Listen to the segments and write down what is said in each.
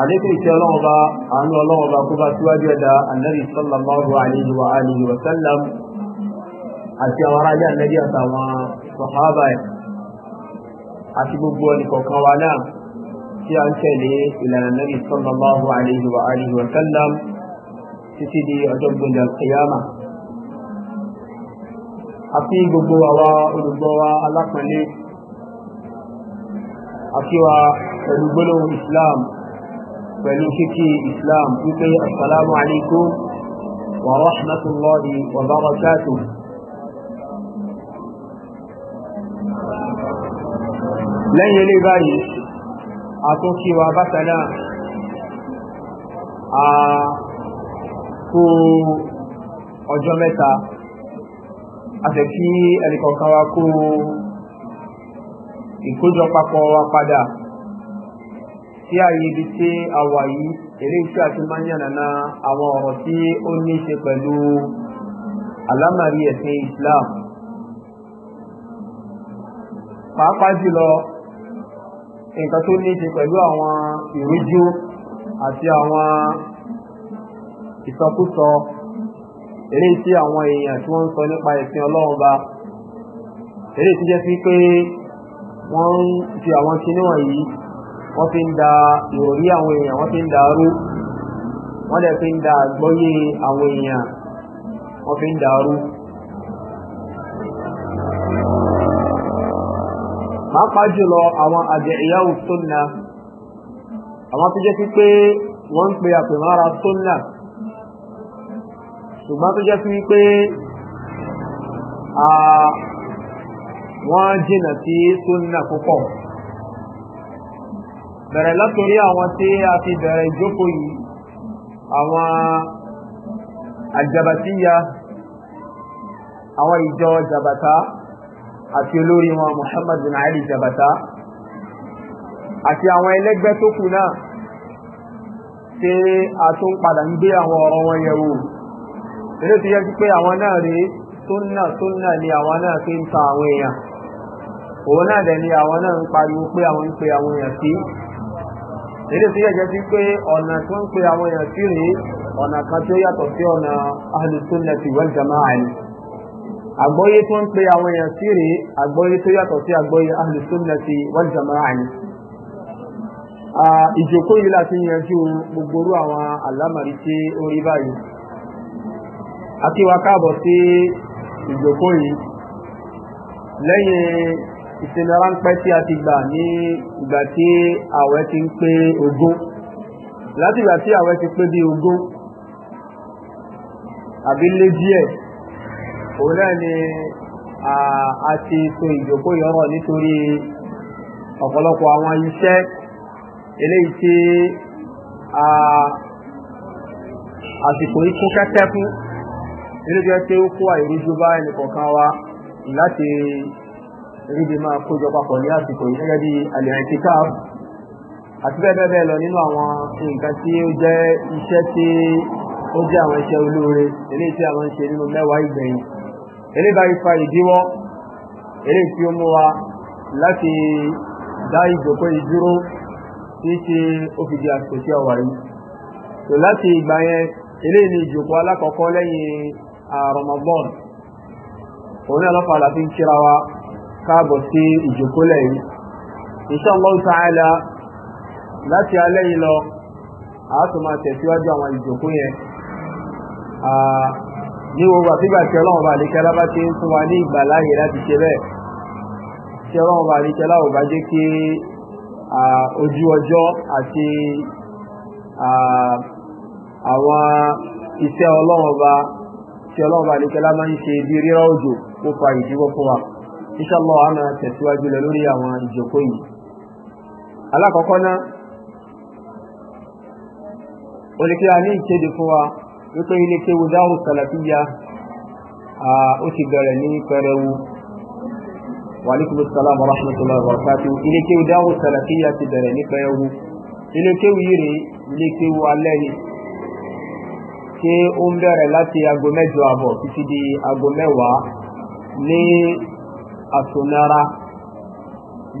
عليك إن الله أن الله وبكوبا سواجد النبي صلى الله عليه وآله وسلم أتوارى النبي أتوى صحابة أتبوا لكوكا وانا في أن إلى النبي صلى الله عليه وآله وسلم تسيدي أجب القيامة àti gbogbo àwa olùgbọ́ wa alápẹ̀lẹ́ àti wa pẹ̀lú gbólóhùn Islam pẹ̀lú kíkí islam wípé assalamu alaikum wa rahmatullahi wa barakatuh lẹ́yìn ilé báyìí àtúnkí wa bákanáà a kú ọjọ́ mẹ́ta àtẹ̀kí ẹnìkọ̀ọ̀kan wa kú ìkójọpapọ̀ wa padà sí ààyè ibi tí a wà yìí eré iṣẹ́ àti máa ń yànnàná àwọn ọ̀rọ̀ tí ó ní í ṣe pẹ̀lú àlámàrí ẹ̀sìn Islam pàápàá jùlọ nǹkan tó ní í ṣe pẹ̀lú àwọn ìrújú àti àwọn ìsọkúsọ eré tí àwọn èèyàn tí wọ́n ń sọ nípa ẹ̀sìn Ọlọ́run ba eré tí jẹ́ sí pé wọ́n ń fi àwọn kinní wọ̀nyí wọ́n fi ń da ìròrí àwọn èèyàn wọ́n fi ń da arú wọ́n dẹ̀ fi ń da àgbọ́yé àwọn èèyàn wọ́n fi ń da arú. pàápàá jùlọ àwọn àjẹ̀yáwó sunna àwọn tó jẹ́ sí pé wọ́n ń pe àpèmára sunna ṣùgbọ́n tó jẹ́ sí wípé wọ́n jìnnà sí sunna púpọ̀ bẹ̀rẹ̀ látòrí àwọn tí a fi bẹ̀rẹ̀ ìjókòó yìí àwọn àjàbàtíyà àwọn ìjọ jàbàtá àti olórí wọn Muhammad bin Ali jàbàtá àti àwọn ẹlẹ́gbẹ́ tó kù náà tí a tún padà ń gbé àwọn ọ̀rọ̀ wọn yẹ̀wò ilé tó yẹ pé àwọn náà rí súnnà súnnà ni àwọn náà fi ń ta àwọn èèyàn òun náà dẹ̀ ni àwọn náà ń pariwo pé àwọn ń pe àwọn èèyàn sí èdè tó yẹ jẹ́ sí pé ọ̀nà tó ń pe àwọn èèyàn sí rèé ọ̀nà kan tó yàtọ̀ sí ọ̀nà ahlu sunnati wal jama'a ni àgbọ́yé tó ń pe àwọn èèyàn sí rèé àgbọ́yé tó yàtọ̀ sí àgbọ́yé ahlu sunnati wal jama'a ni ìjókòó yìí láti yanjú gbogbo àwọn àlámàrí tí ó rí báyìí akíwa káàbọ̀ sí ìjókòó yìí lẹ́yìn ìsinmi ránpẹ́ tí a ti gbà ní ìgbà tí àwẹ̀ ti ń pé ogún láti ìgbà tí àwẹ̀ ti pé bí ogún àbí lé díẹ̀ òun náà ni a ti so ìjókòó yọrọ̀ nítorí ọ̀pọ̀lọpọ̀ àwọn iṣẹ́ eléyìí tí àsìkò ikú kẹ́kẹ́ fún nílùú jẹ́ pé ó kó àìrújú bá ẹnìkọ̀ọ̀kan wa láti ríbi máa kójọ papọ̀ ní àsìkò yìí gẹ́gẹ́ bí al-i'tikaf àti bẹ́ẹ̀ bẹ́ẹ̀ lọ nínú àwọn nǹkan tí ó jẹ́ iṣẹ́ tí ó jẹ́ àwọn iṣẹ́ olóore eléyìí tí àwọn ń ṣe nínú mẹ́wàá ìgbẹ̀yìn eléyìí báyìí fa ìdíwọ́ eléyìí tí ó mú wa láti dá ìjókòó ìdúró tí ṣe ó fi di àsìkò tí ọwà yìí tó láti ìgbà yẹn eléyìí ni ìjókòó alákọ̀ọ́kọ́ lẹ́yìn ah, Ramadan òun náà lọ́fà láti ń kíra wa káàbọ̀ sí ìjòkólẹ̀ yìí insha Allah ta'ala láti alẹ́ yìí lọ a tún máa tẹ̀síwájú àwọn ìjòkó yẹn ní gbogbo àfígbà tí ọlọ́run bá lè kẹ́lá bá ti ń fún wa ní ìgbà láàyè láti ṣe bẹ́ẹ̀ tí ọlọ́run bá lè kẹ́lá ò bá jẹ́ kí ojú ọjọ́ àti àwọn iṣẹ́ ọlọ́run bá tí ọlọ́run bá lè kẹ́lá ń ṣe bí rírọ̀ òjò ó fa ìdíwọ́ fún wa inshallah a máa tẹ̀síwájú lọ lórí àwọn ìjókòó yìí alákọ̀ọ́kọ́ náà olùkí a ní ìkéde fún wa wípé ilé kéwu dáhùn sàlàfíyà ó ti bẹ̀rẹ̀ ní pẹrẹwu wàlíkùmù sàlámù rahmatullahi wa barakatuh ilé kéwu dáhùn sàlàfíyà ti bẹ̀rẹ̀ ní pẹrẹwu ilé kéwu yìí rèé ilé kéwu alẹ́ yìí ṣé ó ń bẹ̀rẹ̀ láti aago mẹ́jọ àbọ̀ títí di aago mẹ́wàá ní àtúnára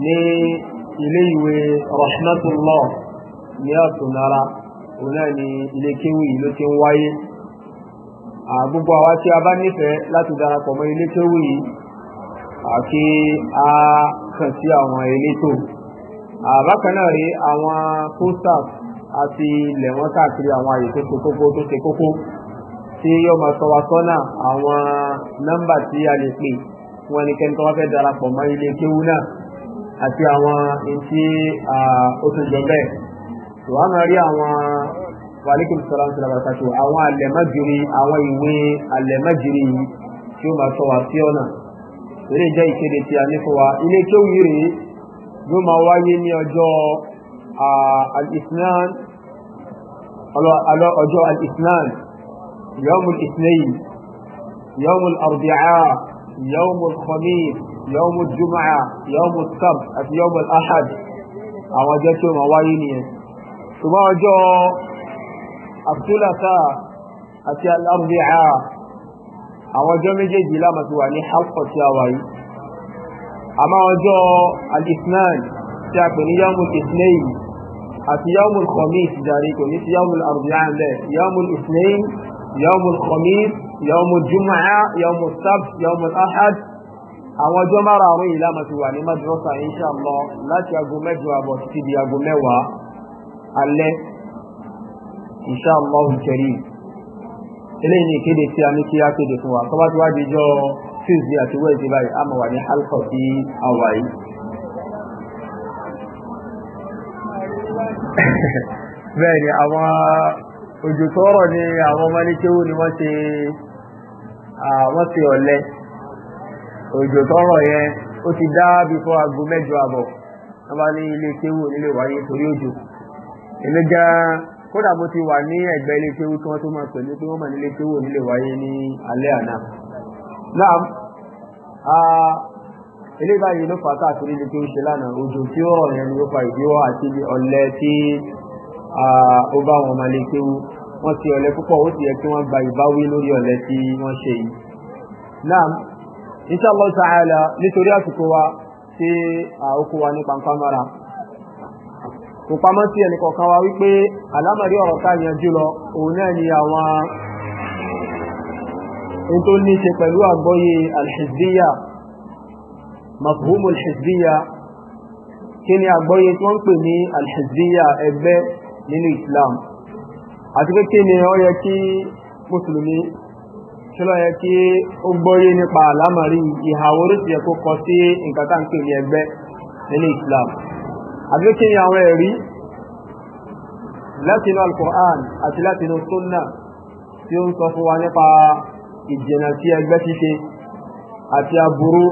ní ilé ìwé rahmatullah ní àtúnára òun náà ni ilé kéwì ló ti ń wáyé gbogbo àwa tí a bá nífẹ̀ẹ́ láti darapọ̀ mọ́ ilé kéwì yìí àti a kàn sí àwọn elétò bákan náà rí àwọn posters àti ilẹ̀ wọn káàkiri àwọn àyè tó ṣe kókó tó ṣe kókó tí yóò máa sọ wa sọ́nà àwọn nọ́mbà tí a lè pè fún ẹnikẹ́ni tó wá fẹ́ darapọ̀ mọ́ ilé kéwú náà àti àwọn ìtí ó tún jọ bẹ́ẹ̀ tó wá máa rí àwọn wàlíkùn sọlá ṣe lọ́wọ́ ṣáṣù àwọn alẹ́mọ́jìrì àwọn ìwé alẹ́mọ́jìrì yìí tí ó máa sọ wá sí ọ̀nà eré jẹ́ ìkéde tí a ní fún wa ilé kéwú yìí rèé yóò máa wáyé ní ọjọ́ al-isnan ọjọ́ al-isnan yọmul isnayi yọmul arbi'a يوم الخميس يوم الجمعة يوم السبت يوم الأحد أوجدت مواليني ثم جو الثلاثاء أتي الأربعاء أوجدت جيدي لما تواني حلقة ياوي أما جو الإثنان تاكني يوم الإثنين أتي يوم الخميس داريكو نيس يوم الأربعاء يوم الإثنين يوم الخميس يوم الجمعة يوم السبت يوم الأحد àwọn ọjọ́ márààrún yìí lámà ti wà ní madrasa insha Allah láti aago mẹ́jọ àbọ̀ títí di aago mẹ́wàá alẹ́ insha Allah karim eléyìí ni ìkéde tí a ní kí á kéde fún wa tó bá ti wá di ijọ́ tuesday àti wednesday báyìí a máa wà ní alfa sí àwa bẹ́ẹ̀ ni àwọn òjò tọrọ ni àwọn ọmọ ní kéwù ni wọ́n ṣe wọ́n ti ọ̀lẹ òjò tọrọ yẹn ó ti dá bí fún aago mẹ́jọ àbọ̀ wọ́n bá ní ilé kéwù nílé wáyé torí òjò èmi gan-an kódà mo ti wà ní ẹ̀gbẹ́ ilé kéwù tí wọ́n tó máa pèlú pé wọ́n mà nílé kéwù nílé wáyé ní alẹ́ àná náà ilé báyìí ló fàtà àti ilé kéwù ṣe lánàá òjò tí ó rọ̀ yẹn ló fa ìdíwọ́ àti ọ̀lẹ tí ó bá wọn máa lé kéwù wọ́n ti ọ̀lẹ púpọ̀ ó sì yẹ kí wọ́n gba ìbáwí lórí ọ̀lẹ tí wọ́n ṣe yìí. náà insha Allah ta'ala nítorí àsìkò wa ṣe àókò wa ní pàǹpámára kò pamọ́ sí ẹnì kọ̀ọ̀kan wa wípé àlámọ̀rí ọ̀rọ̀ ká yanjú lọ òun náà ni àwọn ohun tó ní ṣe pẹ̀lú àgbọ́yé alhizbiya mafhumu alhizbiya kí ni àgbọ́yé tí wọ́n ń pè ní alhizbiya ẹgbẹ́ nínú Islam àti pé kí ni ó yẹ kí mùsùlùmí kí ló yẹ kí ó gbọ́yé nípa àlámàrí ìhà oríṣi yẹ kọ sí nǹkan tá à ń pè ní ẹgbẹ́ nínú Islam àti ni àwọn ẹ̀rí láti inú Al-Qur'an àti láti inú sunna tí ó ń sọ fún wa nípa ìjìnà sí ẹgbẹ́ ṣíṣe àti aburú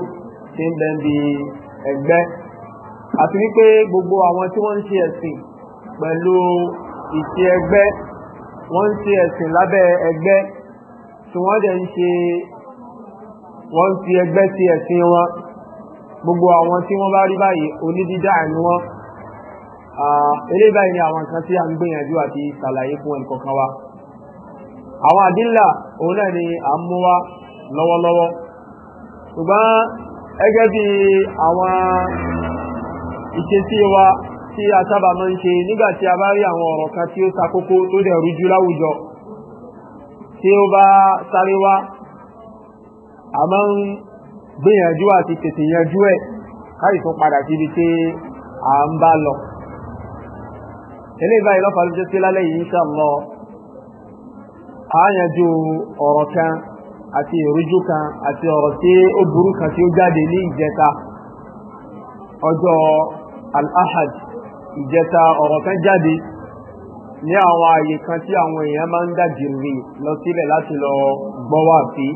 tí ń bẹ́ẹ̀ bí ẹgbẹ́ àti wípé gbogbo àwọn tí wọ́n ń ṣe ẹ̀sìn pẹ̀lú ìṣe ẹgbẹ́ wọ́n ń ṣe ẹ̀sìn lábẹ́ ẹgbẹ́ tí wọ́n dẹ̀ ń ṣe wọ́n ń fi ẹgbẹ́ ṣe ẹ̀sìn wọn gbogbo àwọn tí wọ́n bá rí báyìí onídídá ni wọ́n eléyìí báyìí ni àwọn kan tí a ń gbìyànjú àti ṣàlàyé fún ẹnìkọ̀ọ̀kan wa àwọn àdínlà òun náà ni à ń mú wá lọ́wọ́lọ́wọ́ ṣùgbọ́n gẹ́gẹ́ bí àwọn ìṣesí wa tí a sábà máa ń ṣe nígbà tí a bá rí àwọn ọ̀rọ̀ kan tí ó sakókó tó dẹ̀ rújú láwùjọ tí ó bá sáré wá a máa ń gbìyànjú àti tètè yanjú ẹ̀ káyì tó padà síbi tí à ń bá lọ eléyìí báyìí lọ́fà ló jẹ́ sí lálẹ́ yìí insha Allah a yanjú ọ̀rọ̀ kan àti ìrújú kan àti ọ̀rọ̀ tí ó burú kan tí ó jáde ní ìjẹta ọjọ́ al-ahad ìjẹta ọ̀rọ̀ kan jáde ní àwọn ààyè kan tí àwọn èèyàn máa ń dàgìrì lọ sílẹ̀ láti lọ gbọ́ wà sí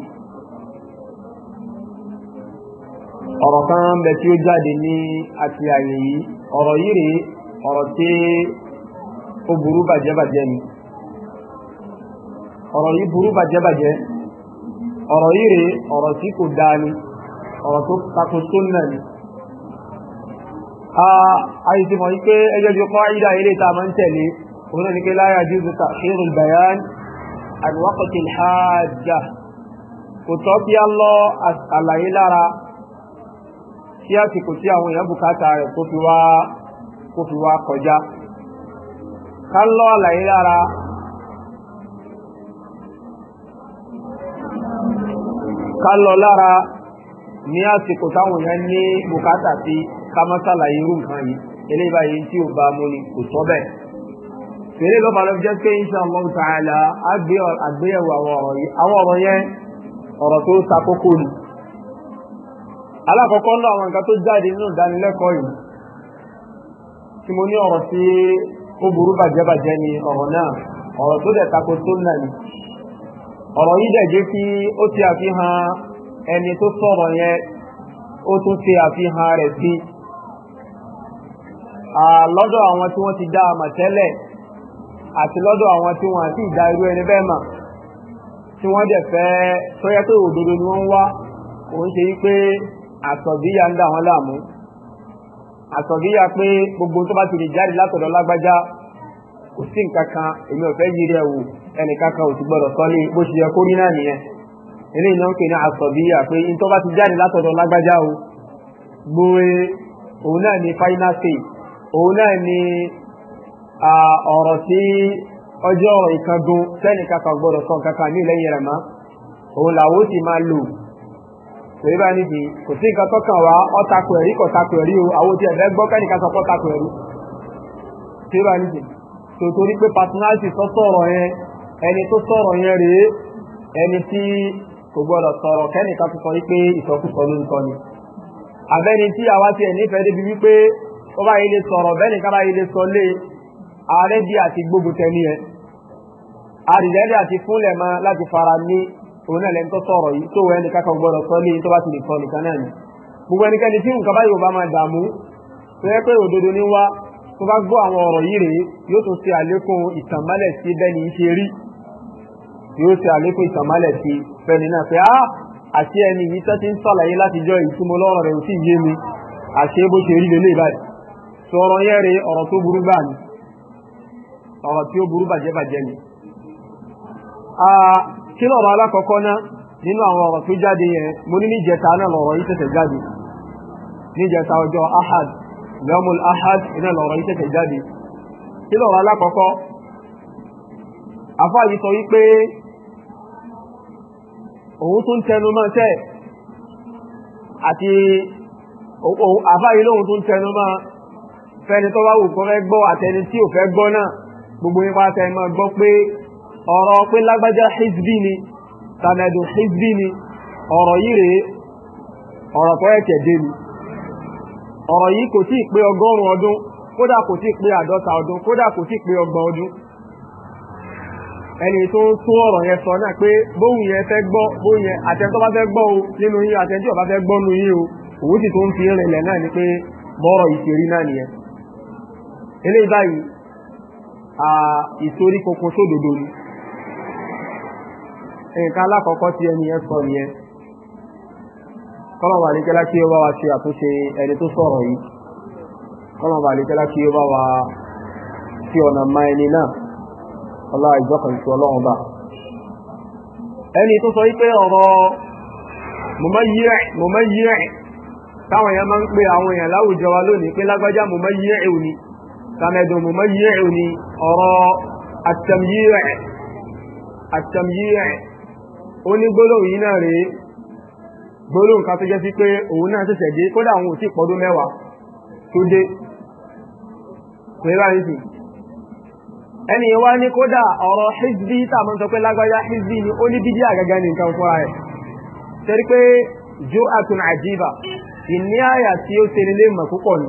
ọ̀rọ̀ kan ń bẹ tí ó jáde ní àti ààyè yìí ọ̀rọ̀ yìí rèé ọ̀rọ̀ tí ó burú bàjẹ́bàjẹ́ ni ọ̀rọ̀ yìí burú bàjẹ́bàjẹ́ ọ̀rọ̀ yìí rèé ọ̀rọ̀ tí kò dáa ni ọ̀rọ̀ tó tako sóńnà ni àìsìmọ̀ yí pé ẹjọ́ bí kọ́ ìdá ilé ta máa ń tẹ̀lé òun ní pé láyà jù bí tàṣírù bayan àdúwákọ̀tì hajjá kò tọ́ bí a lọ àlàyé lára tí a ti kò tí àwọn èèyàn bùkátà rẹ̀ kó fi wá kọjá ká lọ àlàyé lára ká lọ lára ní àsìkò táwọn èèyàn ní bùkátà sí ká má ṣàlàyé irú nǹkan yìí eléyìí báyìí tí ò bá mú ni kò tọ́ bẹ́ẹ̀. fèrè lọ́ba ló jẹ́ pé insha Allah ta'ala àgbéyẹ̀wò àwọn ọ̀rọ̀ yìí àwọn ọ̀rọ̀ yẹn ọ̀rọ̀ tó ta kókó ni. alákọ̀ọ́kọ́ náà àwọn nǹkan tó jáde nínú ìdánilẹ́kọ̀ọ́ yìí tí mo ní ọ̀rọ̀ tí ó burú bàjẹ́bàjẹ́ ni ọ̀rọ̀ náà ọ̀rọ̀ tó dẹ̀ tako sunna ni ọ̀rọ̀ yìí dẹ̀ jẹ́ kí ó ti àfihàn ẹni tó sọ̀rọ̀ yẹn ó tún ti àfihàn rẹ̀ sí i lọ́dọ̀ àwọn tí wọ́n ti dá àmọ̀ tẹ́lẹ̀ àti lọ́dọ̀ àwọn tí wọ́n àti ìdá irú ẹni bẹ́ẹ̀ mà tí wọ́n dẹ̀ fẹ́ tọ́yẹ́ pé òdodo ni wọ́n ń wá òun ṣe wípé àtọ̀bíyà ń dà wọ́n láàmú àtọ̀bíyà pé gbogbo tó bá ti lè jáde látọ̀dọ̀ lágbájá kò sí nǹkan kan èmi ò fẹ́ yí rẹ̀ wò ẹnìkan kan ò ti gbọ́dọ̀ sọ́lé bó ṣe yẹ kó rí náà nìyẹn ilé iná ń pè ní pé ní tó bá ti jáde látọ̀dọ̀ lágbájá o gbòòrè òun náà ní final stage òun náà ni ọ̀rọ̀ tí ọjọ́ ìkangun sẹ́nìkan kan gbọ́dọ̀ sọ nǹkan kan ní lẹ́yìn rẹ̀ mọ́ òun làwọn ó ti máa lò pé bá níbi kò sí nǹkan tó kàn wá ọ̀takò ẹ̀rí kò takò ẹ̀rí o àwọn ti ẹ̀fẹ́ gbọ́ kẹ́nìkan sọ pé ọ̀takò ẹ̀rí pé bá níbi tó torí pé personality tó sọ̀rọ̀ yẹn ẹni tó sọ̀rọ̀ yẹn rèé ẹni tí kò gbọ́dọ̀ sọ̀rọ̀ kẹ́nìkan tó sọ wípé ìsọkúsọ ló ń sọ ni àbẹ́ni tí àwa ti ẹ̀ nífẹ̀ẹ́ débi wípé ó bá yìí lè sọ̀rọ̀ bẹ́ẹ̀ nìkan bá yìí lè sọ lé ààrẹ bí àti gbogbo tẹ̀lé ẹ̀ àrìlẹ́rẹ́ àti fúnlẹ̀ mọ́ láti fara ní òun náà lẹ́nu sọ̀rọ̀ yìí tó wẹ́n nìkan kan gbọ́dọ̀ sọ lé tó bá ti lè sọ nìkan náà ni gbogbo ẹnikẹ́ni tí nǹkan báyìí ò bá máa dààmú tó yẹ pé òdodo ní wá tó bá gbọ́ àwọn ọ̀rọ̀ yìí rèé yóò tún ṣe àlékún ìtànmálẹ̀ sí bẹ́ni ṣe rí yóò ṣe àlékún ìtànmálẹ̀ sí bẹ́ni náà pé ah àti ẹni yìí tó ti ń sàlàyé látijọ́ ìtumọ̀ rẹ̀ ò sì yé mi àṣé bó ṣe rí lélẹ́yìí báyìí sọ̀rọ̀ yẹn rè ọ̀rọ̀ tó burú bá ní ọ̀rọ̀ tí ó burú bàjẹ́ bàjẹ́ ni. kí lọ́rọ̀ alákọ̀ọ́kọ́ náà nínú àwọn ọ̀rọ̀ tó jáde yẹn mo ní níjẹta náà lọ́rọ̀ yìí tẹ̀sẹ̀ jáde níjẹta ọjọ́ ahad yọmul ahad iná lọ́rọ̀ yìí tẹ̀sẹ̀ jáde kí lọ́rọ̀ alákọ̀ọ́kọ́ àfáà yìí sọ wípé òun tún tẹnu mọ́ tẹ́ àti àfáà lóhun tún tẹnu mọ́ fẹ́ni tó bá wù kó fẹ́ gbọ́ àtẹni tí ò fẹ́ gbọ́ náà gbogbo nípa tẹni máa gbọ́ pé ọ̀rọ̀ pé lágbájá hizbi ni tàmẹ̀dù hizbi ni ọ̀rọ̀ yìí rèé ọ̀rọ̀ tó ẹ̀kẹ̀ dé ni ọ̀rọ̀ yìí kò tíì pé ọgọ́rùn-ún ọdún kódà kò tíì pé àádọ́ta ọdún kódà kò tíì pé ọgbọ̀n ọdún ẹni tó ń tún ọ̀rọ̀ yẹn sọ náà pé bóun yẹn fẹ́ gbọ́ bóun yẹn àtẹ̀ntọ́ bá fẹ́ gbọ́ o nínú yín àtẹ̀ntí ọ̀bá fẹ́ gbọ́ nínú yín o òun sì tó ń fi rìnlẹ̀ náà ni pé bọ́ọ̀rọ̀ ìṣèrí náà nìyẹn eléyìí báyìí ìtorí kòkó sódòdó ni nǹkan alákọ̀ọ́kọ́ tí ẹni yẹn sọ nìyẹn kọ́lọ̀wà àlékẹ́lá kí ó bá wa ṣe àtúnṣe ẹni tó sọ̀rọ̀ yìí kọ́lọ̀wà àlékẹ́lá kí ó bá wa ṣe ọ̀nà ma ẹni náà ọlá ìjọkàn ìṣù ọlọ́run bá ẹni tó sọ wípé ọ̀rọ̀ mọ̀mọ́yírẹ̀ mọ̀mọ́yírẹ̀ táwọn èèyàn máa ń pe àwọn èèyàn láwùjọ wa lónìí pé lágbájá mọ̀mọ́yírẹ̀ òní سند مميع أرى التمييع التمييع oni gbólóhùn yìí náà rèé gbólóhùn kan tó jẹ́ sí pé òun náà ṣẹ̀ṣẹ̀ dé kódà àwọn òsì pọ́dún mẹ́wàá tó dé pé báyìí sì ẹni wá ní kódà ọ̀rọ̀ hizbi tààmù sọ pé lágbájá hizbi ni ó ní bídí àgàgà ní nǹkan fúnra ẹ̀ torí pé jo atun ajiba ìní àyà tí ó ṣe nílé mọ̀ púpọ̀ ni.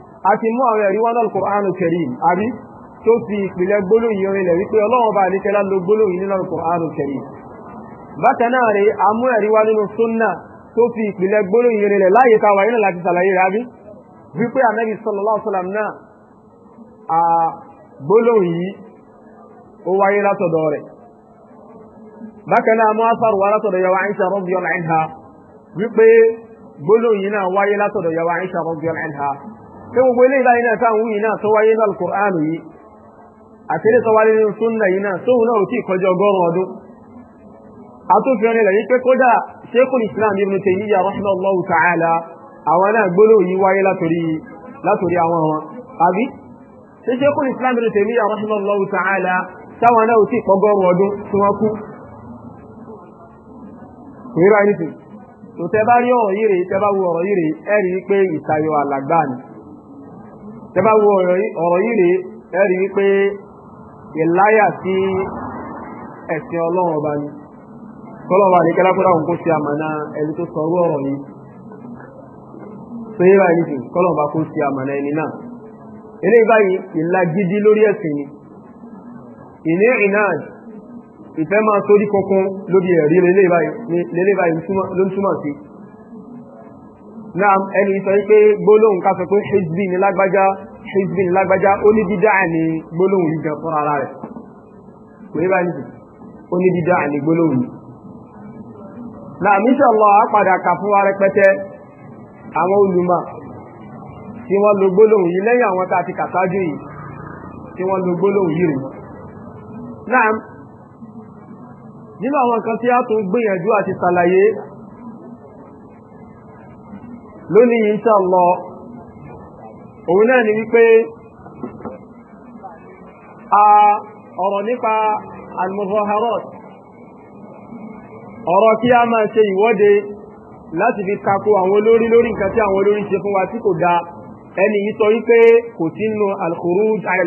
àti mú àwọn ẹ̀rí wọn lọ́lùkọ́ àánú kẹrì àbí tó fi ìpìlẹ̀ gbólóyìn orin lẹ̀ wípé ọlọ́run bá àdékẹ́lá lo gbólóyìn nínú lọ́lùkọ́ àánú kẹrì bákan náà rè amú ẹ̀rí wá nínú súnnà tó fi ìpìlẹ̀ gbólóyìn orin lẹ̀ láyé káwa yìí láti sàlàyé rẹ̀ àbí wípé ànábì sallallahu alaihi wasallam náà gbólóyìn ó wáyé látọ̀dọ̀ rẹ̀ bákan náà mú asáru wá látọ̀dọ̀ yàwó wáyé ṣé gbogbo eléyìí báyìí náà táwọn wúyìn náà tó wáyé ní alukur'an yìí àti ilé tó wáyé nínú sunna yìí náà tóun náà ò tí ì kọjá ọgọ́rùn-ún ọdún àtúnfihàn rẹ̀ yìí pé kódà sheikhul islam ibn taymiya rahimahullahu ta'ala àwọn náà gbólóhùn yìí wáyé látòrí látòrí àwọn wọn àbí ṣé sheikhul islam ibn taymiya rahimahullahu ta'ala táwọn náà ò tí ì kọgọ́rùn ọdún tí wọ́n kú kò rí ẹni tì tòtẹ́ bá rí ọ̀rọ̀ yìí rèé tẹ́ bá wo ọ̀rọ̀ yìí rèé ẹ̀rí pé ìtayọ̀ àlàgbà ni tẹ́bá wo ọ̀rọ̀ yìí rèé ẹ̀rí wípé ìláyà sí ẹ̀sìn ọlọ́run ọba ni kọ́lọ́wà ní kẹ́lápọ́dà òun kó ṣe àmàna ẹni tó sọ orú ọ̀rọ̀ yìí sóyè báyìí nìsín kọ́lọ́wà kó ṣe àmàna ẹni náà eléyìí báyìí ìlà gidi lórí ẹ̀sìn ni ìní ìnáàd ìfẹ́ máa torí kankan lórí ẹ̀rí lélẹ́yìí báyìí ló ń túmọ̀ sí náà ẹni sọ pé gbólóhùn ká sọ pé hizbi ni lágbájá hizbi ni lágbájá ó ní dídá ní gbólóhùn yìí gan fúnra ara rẹ̀ kò ní báyìí nìyí ó ní dídá ní gbólóhùn yìí. náà inshallah á padà kà fún wa rẹpẹtẹ àwọn olùmọ̀ tí wọ́n lo gbólóhùn yìí lẹ́yìn àwọn tá a ti kà sáájú yìí tí wọ́n lo gbólóhùn yìí rèé. náà nínú àwọn kan tí a tún gbìyànjú àti ṣàlàyé lónìí insha Allah òun náà ni wípé a ọ̀rọ̀ nípa al-muzaharat ọ̀rọ̀ kí a máa ṣe ìwọ́de láti fi tako àwọn olórí lórí nǹkan tí àwọn olórí ṣe fún wa tí kò dáa ẹni yìí sọ wípé kò sí nínú al-khuruj ala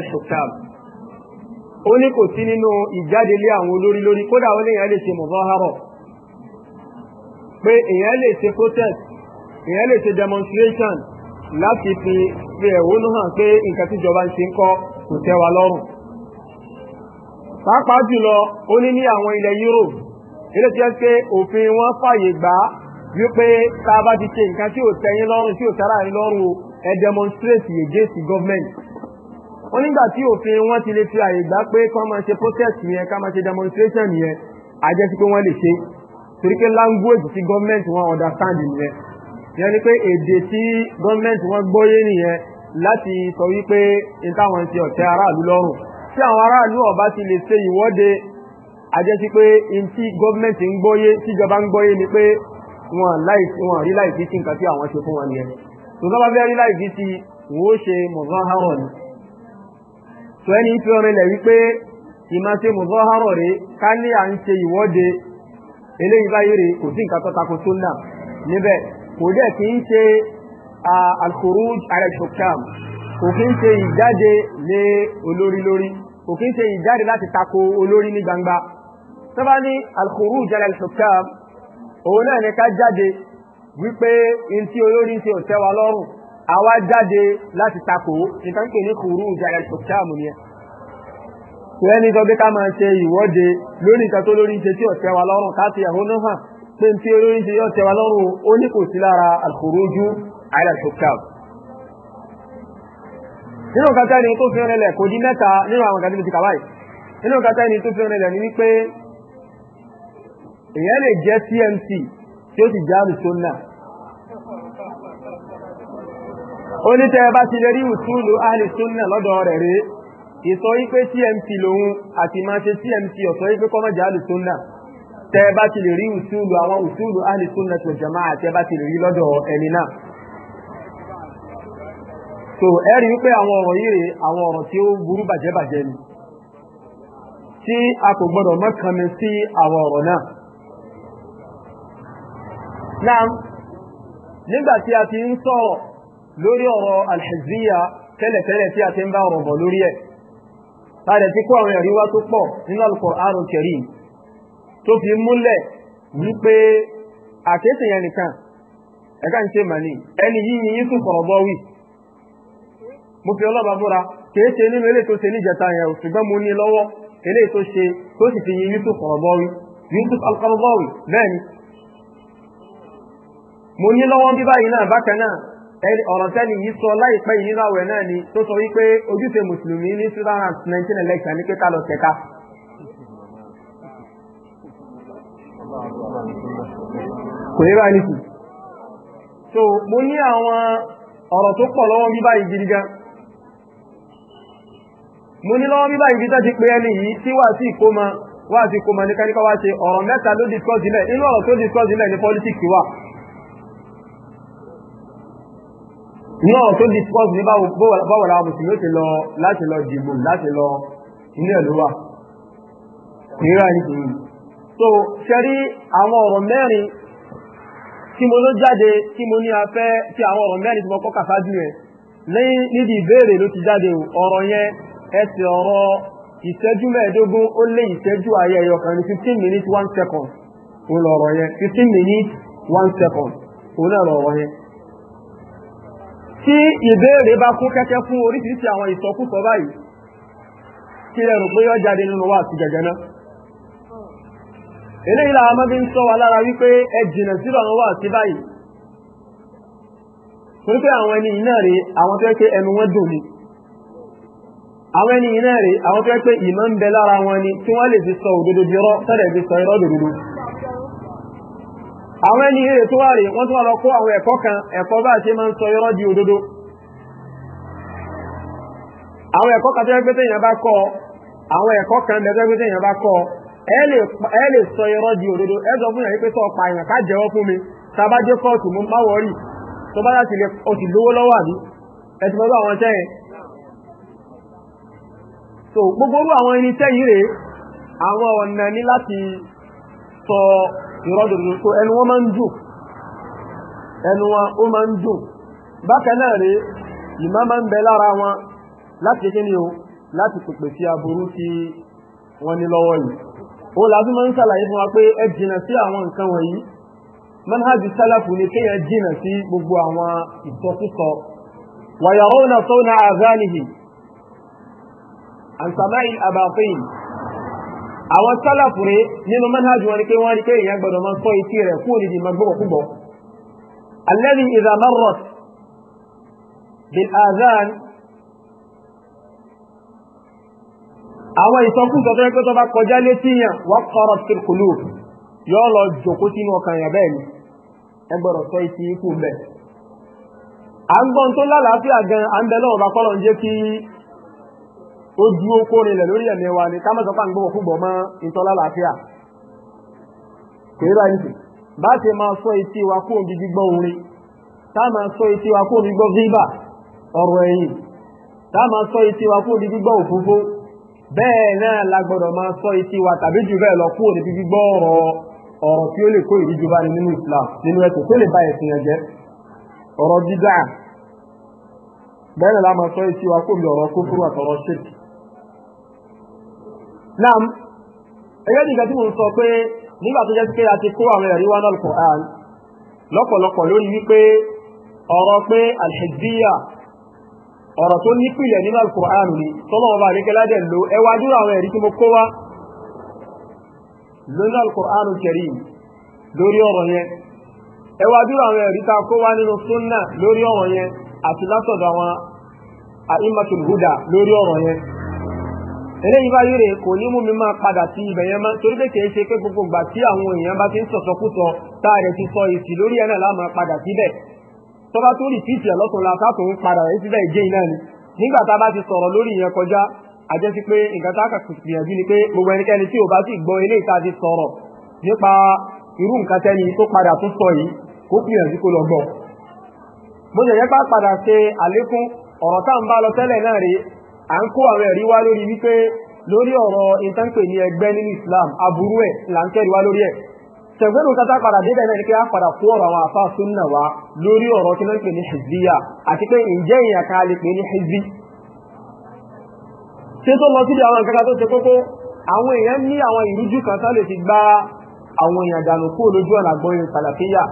ó ní kò sí nínú ìjáde lé àwọn olórí lórí kódà ó lè ṣe muzaharat pé èèyàn lè ṣe protest èèyàn lè ṣe demonstration láti fi fi ẹ̀hónú hàn pé nǹkan tíjọba ń ṣe ń kọ́ kò tẹ́ wa lọ́rùn pàápàá jùlọ ó ní ní àwọn ilẹ̀ Europe ilé tí wọ́n ṣe òfin wọn fàyè gbà á wípé tá a bá ti ṣe nǹkan tí ò tẹ́yìn lọ́rùn tí ò tẹ́ra yín lọ́rùn o ẹ demonstrate against government wọ́n nígbà tí òfin wọn ti lè fi àyè gbà pé kí wọ́n máa ṣe protest yẹn ká máa ṣe demonstration yẹn àjẹsí pé wọ́n lè ṣe torí pé language ti government wọn understand nìyẹn yẹn ni pé èdè tí gọ́ọ̀mẹ̀ntì wọn gbọ́yé nìyẹn láti sọ wípé n táwọn ti ọtẹ ọ̀tẹ̀ aráàlú lọ́rùn tí àwọn aráàlú ọba ti lè ṣe ìwọ́de àjẹsí pé n tí gọ́ọ̀mẹ̀ntì ń gbọ́yé tíjọba ń ni pé wọn láì wọn rí láì fi sí wọn nìyẹn tó sábà fẹ́ rí láì sí ó ṣe ni tó ẹni fi ọrin lẹ̀ wípé ìmáṣe ń ṣe eléyìí báyìí rè kò sí nǹkan tako tó kò dẹ̀ kì í ṣe al-khuruj ala al-hukam kò kí ń ṣe ìjáde lé olórí lórí kò kí ń ṣe ìjáde láti tako olórí ní gbangba sábà ní al-khuruj ala al-hukam òun náà ní ká jáde wípé in olórí ń ọ̀tẹ́ wa lọ́rùn àwa jáde láti tako nǹkan pè ní khuruj ala al-hukam nìyẹn ìrẹ́ni sọ pé ká máa ṣe ìwọ́de lórí nǹkan tó lórí ṣe tí ọ̀tẹ́ wa lọ́rùn ká ti ẹ̀hónú hàn pé n tí olórin ṣe yọ tẹwa lọ́rùn ó ní kò sí lára alkhuruju ala al-hukam nínú kata ni tó fi ń rẹlẹ̀ kò di mẹ́ta nínú àwọn kàtí ti kàwáì nínú kata ni tó fi ń rẹlẹ̀ ni wípé èèyàn lè jẹ́ CMC tí ó ti já àlùsọ́nà ó ní tẹ́ ẹ bá ti lè rí usulu ahli lọ́dọ̀ rẹ̀ rèé ìsọ wípé CMC lòun àti máa ṣe CMC ọ̀sọ́ wípé kọ́mọ̀jà àlùsọ́nà tẹ bá ti lè rí usulu àwọn usulu ahli sunnati wal jamaa tẹ bá ti lè rí lọ́dọ̀ ẹni náà. so ẹ rí wípé àwọn ọ̀rọ̀ yìí rè àwọn ọ̀rọ̀ tí ó burú bàjẹ́ bàjẹ́ ni tí a kò gbọdọ̀ mọ́kànmi sí àwọn ọ̀rọ̀ náà. náà nígbà tí a ti ń sọ̀rọ̀ lórí ọ̀rọ̀ alhiziyya tẹ́lẹ̀tẹ́lẹ̀ tí a ti ń bá ọ̀rọ̀ bọ̀ lórí ẹ̀. ta dẹ̀ ti kó àwọn ẹ̀rí wá tó pọ̀ nínú al-Qur'an al tó fi múlẹ̀ wípé àkéésì yẹn nìkan ẹ̀ka ń ṣe màní ẹni ni yín tún sọ̀rọ̀ bọ́ wì mo fi ọlọ́ba búra kìí ṣe nínú eléyìí tó ṣe níjẹta yẹn o ṣùgbọ́n mo ní lọ́wọ́ eléyìí tó ṣe tó sì fi yin Yusuf ọ̀rọ̀bọ́rí Yusuf alqaradọ́rí bẹ́ẹ̀ ni. mo ní lọ́wọ́ bí báyìí náà bákan náà ẹni ọ̀rọ̀ yìí sọ láìpẹ́ yìí níláwẹ̀ ni tó sọ wípé ojúṣe mùsùlùmí ní kò yẹ bá ní sí so mo ní àwọn ọ̀rọ̀ tó pọ̀ lọ́wọ́ bí báyìí gidi gan mo ní lọ́wọ́ bí báyìí gidi tán ti pé ẹni yìí tí wà sí ìkómọ wà sí ìkómọ ní káníkà wá ṣe ọ̀rọ̀ mẹ́ta ló discuss ilẹ̀ inú ọ̀rọ̀ tó discuss ilẹ̀ ní politics wà inú ọ̀rọ̀ tó discuss ní báwo la mùsùlùmí ó ti lọ láti lọ dìbò láti lọ inú ẹ̀ ló wà kò yẹ bá ní sí so ṣe rí àwọn ọ̀rọ̀ mẹ́rin tí mo ló jáde tí mo ní afẹ́ tí àwọn ọ̀rọ̀ mẹ́rin tí mo kọ́ kàfájú yẹn lẹ́yìn níbi ìbéèrè ló ti jáde ọ̀rọ̀ yẹn ẹsẹ̀ ọ̀rọ̀ ìṣẹ́jú mẹ́ẹ̀ẹ́dógún ó lé ìṣẹ́jú ayé ẹyọ kan ní fifteen minutes one second òun lọ̀rọ̀ yẹn fifteen minutes one second òun náà lọ̀rọ̀ yẹn. tí ìbéèrè bá kún kẹ́kẹ́ fún oríṣiríṣi àwọn ìsọkúsọ báyìí kí lẹ́rù pé yọ jáde nínú wáàsí gẹ́gẹ́ náà eléyìí làwọn máa fi ń sọ wa lára wípé ẹ jìnà sílò àwọn wà sí báyìí torí pé àwọn ẹni iná rèé àwọn tó yẹ pé ẹnu wọn dùn ni àwọn ẹni iná rèé àwọn tó yẹ pé ìmọ̀ ń bẹ lára wọn ni tí wọ́n lè fi sọ òdodo di irọ́ sọ́dẹ̀ fi sọ irọ́ dòdodo àwọn ẹni eré tó wà rèé wọ́n tún wà lọ kó àwọn ẹ̀kọ́ kan ẹ̀kọ́ bá ṣe máa ń sọ irọ́ di òdodo àwọn ẹ̀kọ́ kan tó yẹ pé téèyàn ẹ lè sọ irọ́ di òdodo ẹ sọ fún yàn pé sọ pa èèyàn ká jẹ́wọ́ fún mi sábà jẹ́ kóòtù mú bá wọ́ọ̀rì tó bá láti lè o sì lówó lọ́wọ́ àbí ẹ ti fọ́dọ̀ àwọn sẹ́yìn. so gbogbo orú àwọn irin sẹ́yìn rèé àwọn ọ̀nà ní láti sọ irọ́ dòdò so ẹnu wọn máa ń dùn ẹnu wọn ó máa ń dùn bákan náà rèé ìmá máa ń bẹ lára wọn láti ṣe o láti pèpè sí aburú tí wọ́n ní lọ́wọ́ yìí òun làbí máa ń ṣàlàyé fún wa pé ẹ jìnà sí àwọn nǹkan wọ̀nyí manhaji sálàfù ni kéèyàn jìnà sí gbogbo àwọn ìsọkúsọ wàyàwó na tó na àgánihì àǹsàmáì àbàfẹ́yìn àwọn sálàfù rẹ nínú manhaji wọn ni pé wọn ni kéèyàn gbọ́dọ̀ máa sọ etí rẹ̀ kúrò nídìí máa gbọ́kọ̀ kúgbọ́ alẹ́ni ìdàmárọ̀t bil àgán àwọn ìsọkúsọ tó yẹ pé tó bá kọjá létí yàn wọ́n kọ́rọ̀ sí kùlù yóò lọ jòkó sínú ọkàn yàn bẹ́ẹ̀ ni ẹ gbọ́dọ̀ sọ ìsì ikú bẹ́ẹ̀. à ń gbọ́n tó lálàáfíà gan à ń bẹ lọ́wọ́ bá kọ́lọ̀ ń jẹ́ kí ó du okó rinlẹ̀ lórí ẹ̀mí wa ni ká má sọ pé à ń mọ́ ìtọ́ lálàáfíà. kèrè báyìí bá ti máa sọ ìsì wa kó omi gbígbọ́ orin tá máa sọ ìsì wa kó omi gbọ́ gíbà ọ̀rọ̀ ẹ̀yìn tá máa sọ ìsì wa kó omi gbígbọ́ òfófó bẹ́ẹ̀ náà la gbọ́dọ̀ máa sọ etí wa tàbí jù bẹ́ẹ̀ lọ kúrò níbi gbígbọ́ ọ̀rọ̀ ọ̀rọ̀ tí ó lè kó ìdíjú bá ní nínú Islam nínú ẹ̀sìn tó lè ba ẹ̀sìn yẹn jẹ́ ọ̀rọ̀ dídá bẹ́ẹ̀ náà la máa sọ etí wa kó mi ọ̀rọ̀ kúfúrú àtọ̀rọ̀ ṣèkì. nam ẹgbẹ́ nìkan tí mo ń sọ pé nígbà tó jẹ́ pé a ti kó àwọn ẹ̀rí wa náà lọ́pọ̀lọpọ̀ lórí wípé ọ̀rọ̀ pé alhijiyah ọ̀rọ̀ tó nípìlẹ̀ nínú alukur'an ni tọ́lọ́wọ́ bá àríkẹ́lá dẹ̀ lo ẹwà dúró àwọn ẹ̀rí tí mo kó wá lónìí alukur'an kẹrì lórí ọ̀rọ̀ yẹn ẹwà àwọn ẹ̀rí tá a kó wá nínú sunna lórí ọ̀rọ̀ yẹn àti látọ̀dọ̀ àwọn àìmọ̀tò buda lórí ọ̀rọ̀ yẹn eléyìí gbogbo tí àwọn èèyàn bá ti ń sọ tọ́ba tó rì fíìtì ẹ̀ lọ́tún la sátún padà rẹ̀ síbẹ̀ ìjẹ́ iná ni nígbà tá a bá ti sọ̀rọ̀ lórí ìyẹn kọjá a jẹ́ sí pé nǹkan tá a kà gbìyànjú ni pé gbogbo ẹnikẹ́ni tí ò bá sì gbọ́ eléyìí tá a ti sọ̀rọ̀ nípa irú nǹkan tẹ́ni tó padà tún sọ yìí kó gbìyànjú kó lọ gbọ́. mo ṣe yẹ pá padà ṣe àlékún ọ̀rọ̀ tá à ń bá lọ tẹ́lẹ̀ náà rèé à ń kó àwọn ẹ̀rí wá lórí wípé lórí ọ̀rọ̀ Islam aburú ẹ̀ là ń tẹ̀gbẹ́rù kátà padà dé dẹ̀ ní pé a padà kó ọ̀rọ̀ àwọn afá súnà wa lórí ọ̀rọ̀ kí náà pè ní hizbiya àti pé ǹjẹ́ ìyẹn ká lè pè ní hizbi. ṣé tó lọ síbi àwọn nǹkan tó ṣe kókó àwọn èèyàn ní àwọn ìrújú kan tá lè fi gba àwọn èèyàn dànù kúrò lójú ọ̀nà àgbọ̀nrin sàlàfíyà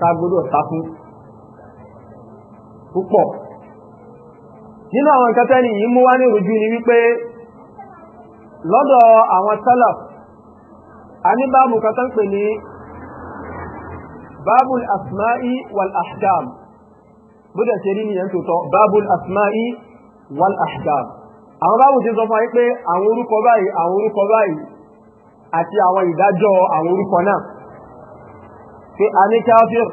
tá gbọ́dọ̀ sá fún púpọ̀. nínú àwọn nǹkan tẹ́ni yìí mú wá ní ìrújú ni wípé lọ́dọ̀ àwọn sálàf a ní báàmù kan tó ń pè ní babul asma'i wal ahkam bó dẹ̀ ṣe rí ni yẹn tó tọ́ babul asma'i wal ahkam àwọn báwo ṣe sọ fún wa pé àwọn orúkọ báyìí àwọn orúkọ báyìí àti àwọn ìdájọ́ àwọn orúkọ náà pé a ní káfíìr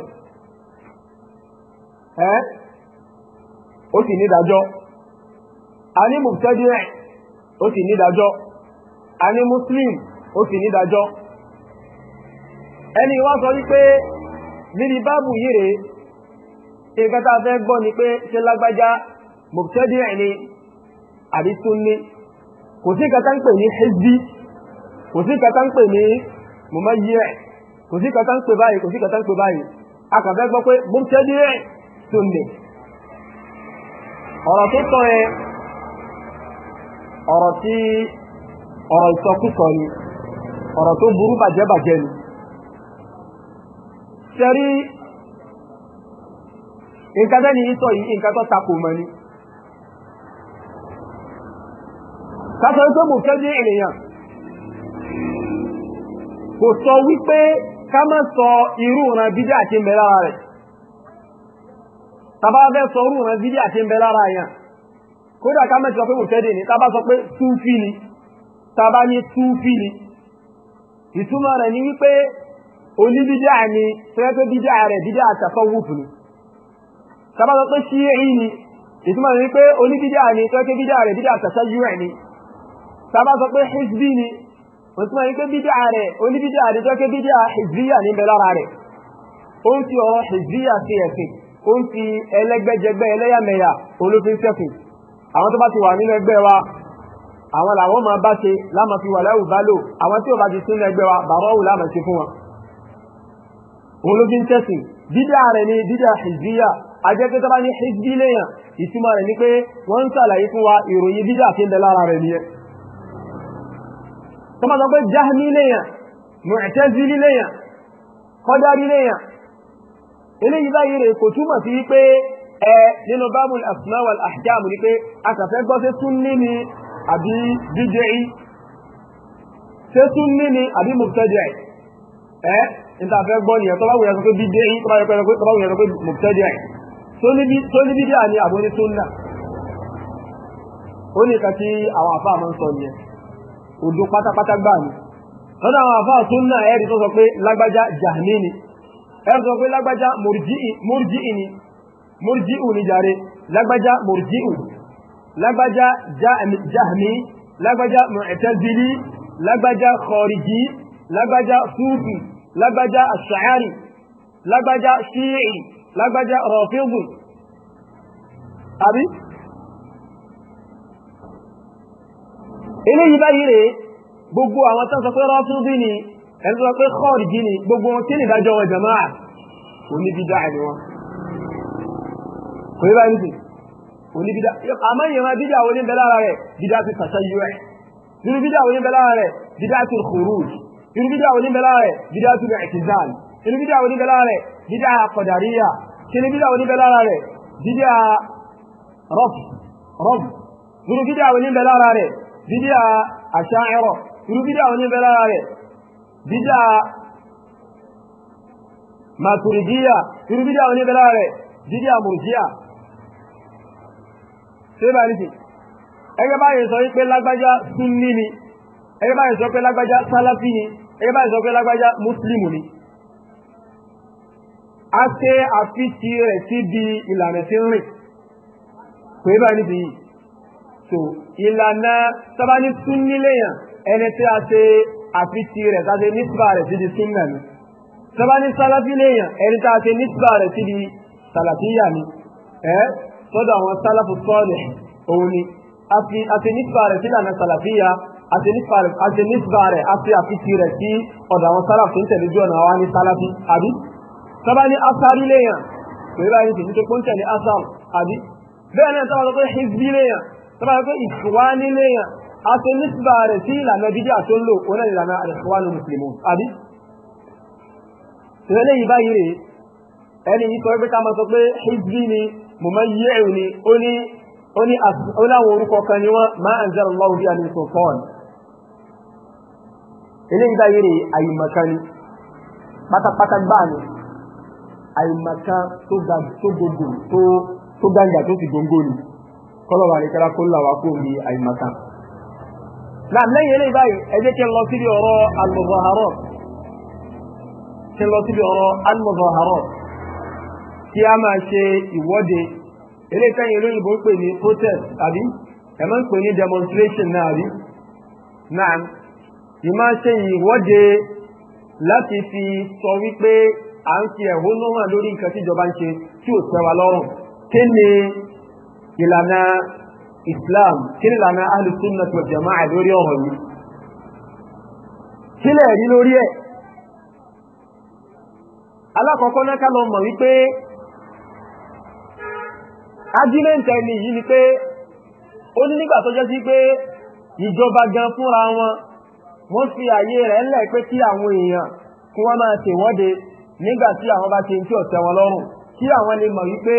ẹ́ ó sì ní ìdájọ́ a ní mùtẹ́díẹ̀ ó sì ní ìdájọ́ a ní muslim ó sì ní ìdájọ́ ẹni wá sọ wípé níbi báàbù yìí rèé nǹkan tá a fẹ́ gbọ́ ni pé ṣe lágbájá mọ̀tẹ́dì ẹ̀ ni àbí sunni kò sí nǹkan tá ń pè ní hezbi kò sí nǹkan tá ń pè ní mọ̀mọ́yí ẹ̀ kò sí nǹkan tá ń pè báyìí kò sí nǹkan ń pè báyìí a gbọ́ pé mọ̀tẹ́dì ẹ̀ sunni ọ̀rọ̀ tó tọ́ ẹ ọ̀rọ̀ tí ọ̀rọ̀ ìsọkúsọ ni ọ̀rọ̀ tó burú bàjẹ́ bàjẹ́ ni. sẹ́rí nǹkan tẹ́ni yìí sọ yìí nǹkan tó takò mọ́ ni kásọ̀ wípé mo fẹ́ dé ènìyàn kò sọ wípé ká má sọ irú ìran bídí àti ń lára rẹ̀ tàbá fẹ́ sọ irú ìran bídí àti ń lára yẹn kódà ká má sọ pé fẹ́ ní sọ pé ni tàbá ní túfì ni wípé oníbídíà ni tẹ́lẹ́pẹ́ bídíà rẹ̀ bídíà tasawuf ni sábàtà pé ṣíyí ni ìtumọ̀ ní pé oníbídíà ni tẹ́lẹ́pẹ́ bídíà rẹ̀ bídíà tasayyu ni sábàtà pé hizbi ni ìtumọ̀ ní pé bídíà rẹ̀ oníbídíà ni tẹ́lẹ́pẹ́ bídíà hizbiya ní bẹ̀lára rẹ̀ ó ń fi ọ̀rọ̀ hizbiya sí ẹ̀sìn ó ń fi ẹlẹ́gbẹ́jẹgbẹ́ ẹlẹ́yàmẹ̀yà olófin sẹ́fìn àwọn tó bá ti wà nínú ẹgbẹ́ wa àwọn làwọn máa bá ṣe láàmà fi wà láwùbá lò àwọn tí ò bá ti sínú ẹgbẹ́ wa bàbá òun láàmà ṣe fún wọn òun ló fi ń tẹ̀sìn dídá rẹ̀ ni dídá hizbiya ajẹ́pẹ́ tó bá ní hizbi lẹ́yìn ìtumọ̀ rẹ̀ ni pé wọ́n ń sàlàyé fún wa ìròyìn dídá fi ń dẹ lára rẹ̀ nìyẹn tó máa sọ pé jahmi lẹ́yìn mu'tazili lẹ́yìn kọ́dárí lẹ́yìn eléyìí báyìí rẹ̀ kò túmọ̀ sí pé ẹ nínú bábùl asma wal ni pé a kàfẹ́ gbọ́ sí sunni ni àbí bid'i ṣé sunni ni àbí mubtadi' ẹ́ níta fẹ́ gbọ́ nìyẹn tó bá wùyẹn sọ pé bídé yín tó bá wùyẹn sọ pé mọ̀tẹ́dì ẹ̀ tó ní bídé àní àbóní tó nà ó ní ìka tí àwọn àfa àmọ́ ń sọ nìyẹn òdo pátápátá gbà ní lọ́dọ̀ àwọn àfa tó nà ẹ̀rí tó sọ pé lágbájá jàmí ni ẹ̀rí tó sọ pé lágbájá mòrìjì ni mòrìjì ù ní jàre lágbájá mòrìjì ù lágbájá jàmí lágbájá mu'tazili lágbájá khariji lágbájá àṣàárì lágbájá ṣíì lágbájá rọ̀fíìgù àbí eléyìí báyìí rèé gbogbo àwọn tán sọ pé rọ́fíìgù ni ẹni sọ pé kọ́ọ̀dì ni gbogbo wọn kí ni ìdájọ́ wọn jàmáà oníbídá ni wọn kò yí báyìí nìsín oníbídá àmọ́ ìyẹn bídá wo ní bẹ́lára rẹ̀ bídá ti sàṣẹ́ yú ẹ̀ nínú bídá wo ní bẹ́lára rẹ̀ bídá ti khuruj irú bídà wo ní bẹ́lá rẹ̀ bídà tún bẹ̀ ẹ̀tìzáàlì irú bídà wo ní bẹ́lá rẹ̀ bídà kọ̀dàríyà kiri bídà wo ní bẹ́lá rẹ̀ bídà rọ́bù rọ́bù irú bídà wo ní bẹ́lá rẹ̀ bídà àṣàírọ̀ irú bídà wo ní bẹ́lá rẹ̀ bídà maturidiya irú bídà wo ní bẹ́lá rẹ̀ bídà mùrùjíà ṣé bá ní sí ẹgbẹ́ báyìí sunni ni ẹgbẹ́ báyìí sọ pé lágbájá sálàfí ni ẹgbẹ́ bá sọ pé lágbájá mùsùlùmù ni a ṣe àfitì rẹ̀ síbi ìlànà tí ń rìn pé bá níbi yìí so ìlànà sábàní súnníléyàn ẹni tí a ṣe àfitì rẹ̀ sáṣe nípa rẹ̀ síbi súnnà ni sábàní sálàfíléyàn ẹni tí a ṣe nípa rẹ̀ síbi sàlàfíyà ni ẹ sọ́dọ̀ àwọn sálàfù sọ́ọ̀lẹ̀ òun ni a ṣe nípa rẹ̀ sílànà sàlàfíyà àti nípa rẹ̀ àti àfitì rẹ̀ sí ọ̀dọ̀ àwọn sálàf tó ń tẹ̀lé ojú ọ̀nà wa ní sálàfí àbí sábà ní asárí léyàn pẹ̀lú báyìí sì nítorí pé ń tẹ̀lé asar àbí bẹ́ẹ̀ náà sábà pé hizbi léyàn sábà pé ìṣùwání léyàn àti nípa rẹ̀ sí ìlànà bídí àtúnlò òun náà ìlànà àdìsíwánu mùsùlùmù àbí. ìrẹ́lẹ̀ yìí báyìí rèé ẹni yìí sọ pé máa sọ pé hizbi ni mumayyi'u ni ó ní àwọn orúkọ kan ni wọ́n máa anzala Allahu bihi min sultan eléyìí báyìí rè àyìmọ̀kan ni pátápátá gbáà ni àyìmọ̀kan tó ga tó gbogbo tó tó ni kọ́lọ́wà ní kára kó lọ síbi ọ̀rọ̀ al lọ síbi a protest àbí máa demonstration náà àbí náà. ìmá ṣe ìwọ́de láti fi sọ wípé à ń fi ẹ̀hónú hàn lórí nǹkan tíjọba ń ṣe tí ò tẹ́ wa lọ́rùn kí ni ìlànà islam kí ni ìlànà alùsùnà tó jẹ̀mọ́ àlórí ọ̀rọ̀ yìí kí lẹ̀ rí lórí ẹ̀ alákọ̀ọ́kọ́ náà ká lọ mọ̀ wípé ágímẹ́ǹtì ẹni yìí ni pé ó ní nígbà tó jẹ́ sí pé ìjọba gan fúnra wọn wọ́n fi àyè rẹ̀ ńlẹ̀ pé kí àwọn èèyàn kí wọ́n máa ṣèwọ́de nígbà tí àwọn bá ṣe ń tí ò tẹ́ wọn lọ́rùn kí àwọn lè mọ̀ wípé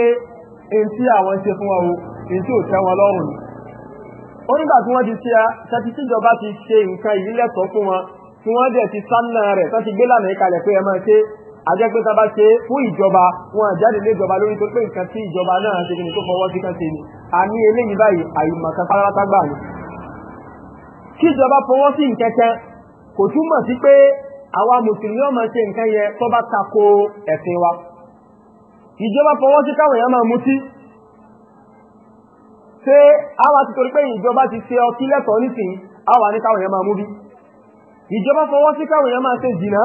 èyí tí àwọn ṣe fún wọn o èyí tí ò tẹ́ wọn lọ́rùn ni. ó nígbà tí wọ́n ti ṣe tẹ́tí tíjọba ti ṣe nǹkan yìí lẹ́tọ̀ọ́ fún wọn tí wọ́n dẹ̀ ti sánà rẹ̀ tó ti gbé lànà ìkalẹ̀ pé ẹ máa ṣe àjẹ́ pé sábà ṣe fún ìjọba wọn àjáde lé ìjọba lórí tó pé nǹkan tí ìjọba náà ṣe kí ni tó fọwọ́ sí kan ṣe ni àní eléyìí báyìí àyùmọ̀ kan pátápátá gbà ni kí ìjọba fọwọ́ sí nkẹ́kẹ́ kò túmọ̀ sí pé àwa mùsùlùmí ọmọ ṣe nǹkan yẹn tó bá tako ẹ̀sìn wa ìjọba fọwọ́ sí káwọn èèyàn máa mutí ṣé àwa ti torí pé ìjọba ti ṣe ọtí lẹ́tọ̀ọ́ nísìnyí àwa ní káwọn èèyàn máa mú bí ìjọba fọwọ́ sí káwọn èèyàn máa ṣe jìnnà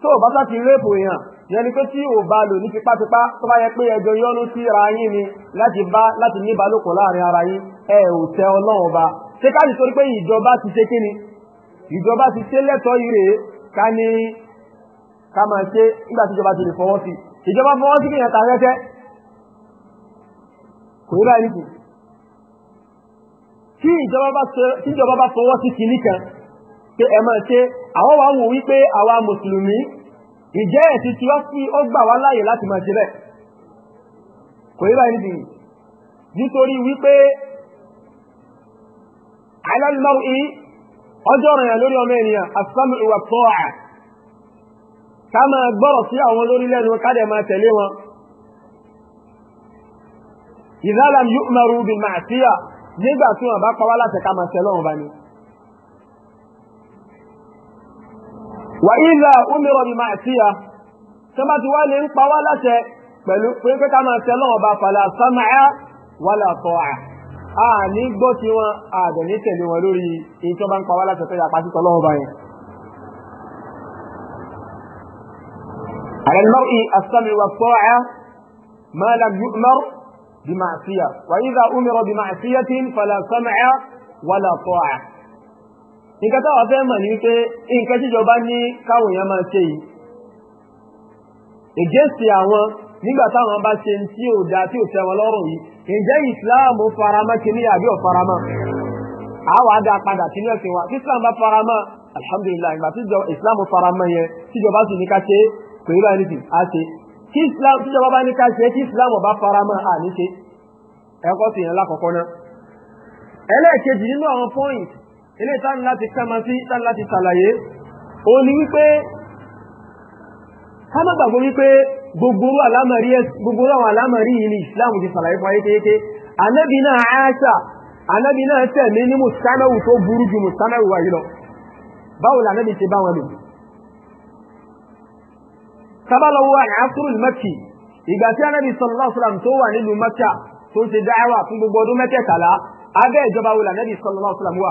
tó o bá sá ti réèpù èèyàn yẹn ni pé tí o bá lò ní tipátipá tó bá yẹ pé ẹjọ́ yọ́nú sí yín ni láti bá láti ní ìbálòpọ̀ láàrin ara yín ẹ ò tẹ ọlọ́run ọba ṣé ká nítorí pé ìjọba ti ṣe kí ni ìjọba ti ṣe lẹ́tọ̀ọ́ yìí rèé ká ní ká máa ṣe nígbà tí ìjọba ti lè fọwọ́ sí ìjọba fọwọ́ sí kéèyàn ta rẹ́tẹ́ kò ní báyìí nìkú tí ìjọba bá fọwọ́ sí kìíní kan pé ẹ máa ṣe àwọn wa wò wípé àwa mùsùlùmí ìjẹ́ ẹ̀sì tí wọ́n fi ó gbà wá láàyè láti máa ṣe bẹ́ẹ̀ kò ní báyìí nìkú nítorí wípé ala al-mar'i ọjọ́ ọ̀rọ̀ yẹn lórí ọmọ ènìyàn as-sam'u wa at-ta'a ká máa gbọ́rọ̀ sí àwọn lórí lẹ́nu ká dẹ̀ máa tẹ̀lé wọn idha lam yu'maru bil ma'siyah nígbà tí wọn bá pa wá láti ká máa tẹ̀lé wọn bá ní. wa idha umira bil ma'siyah tí wọ́n bá lè ń pa wá láti pẹ̀lú pé ká máa tẹ̀lé wọn bá fala sam'a wala ta'a a ní gbọ́ tí wọn àdẹ̀ ní tẹ̀lé wọn lórí èyí tó bá ń pa wá láti ọ̀tọ́ àpá títọ́ lọ́wọ́ báyìí. على المرء السمع والطاعة ما لم يؤمر بمعصية وإذا أمر بمعصية فلا سمع ولا طاعة nǹkan táwa fẹ́ mọ̀ ní pé nǹkan tíjọba ní káwọn èèyàn máa ṣe yìí ègé àwọn nígbà táwọn bá ṣe tí ò da tí ò tẹ́wọn lọ́rùn yìí ǹjẹ́ islam farama kìíní àbí ò farama àwọn àdá padà sínú ẹ̀sìn wa tí islam bá farama alhamdulilayi ìgbà tí islam farama yẹn tíjọba sì ní ká ṣe kò yí báyìí nìsín á ṣe tí islam tíjọba bá ní ká ṣe tí islam bá farama à ní ṣe ẹ̀kọ́ sì yẹn lákọ̀ọ́kọ́ náà ẹlẹ́ẹ̀kejì nínú àwọn point ilé tán láti kẹ́mọ sí tán láti ṣàlàyé òun ni wípé ká má gbàgbọ́ wípé gbogbo àwọn alámàrí yìí ni islam ti sàlàyé fún ayé kéèké anábì náà aṣà anábì náà tẹ̀mí ní mùsànáwù tó burú ju mùsànáwù wáyé lọ báwo la anábì ti bá wọn lò sábàlọ́wọ́ àásùrù mẹ́kì ìgbà tí anábì sallallahu alaihi wasallam tó wà nílùú mẹ́kà tó ń ṣe dáhàwà fún gbogbo ọdún mẹ́kẹ̀kàlá abẹ́ ìjọba wo la anábì sallallahu alaihi wasallam wà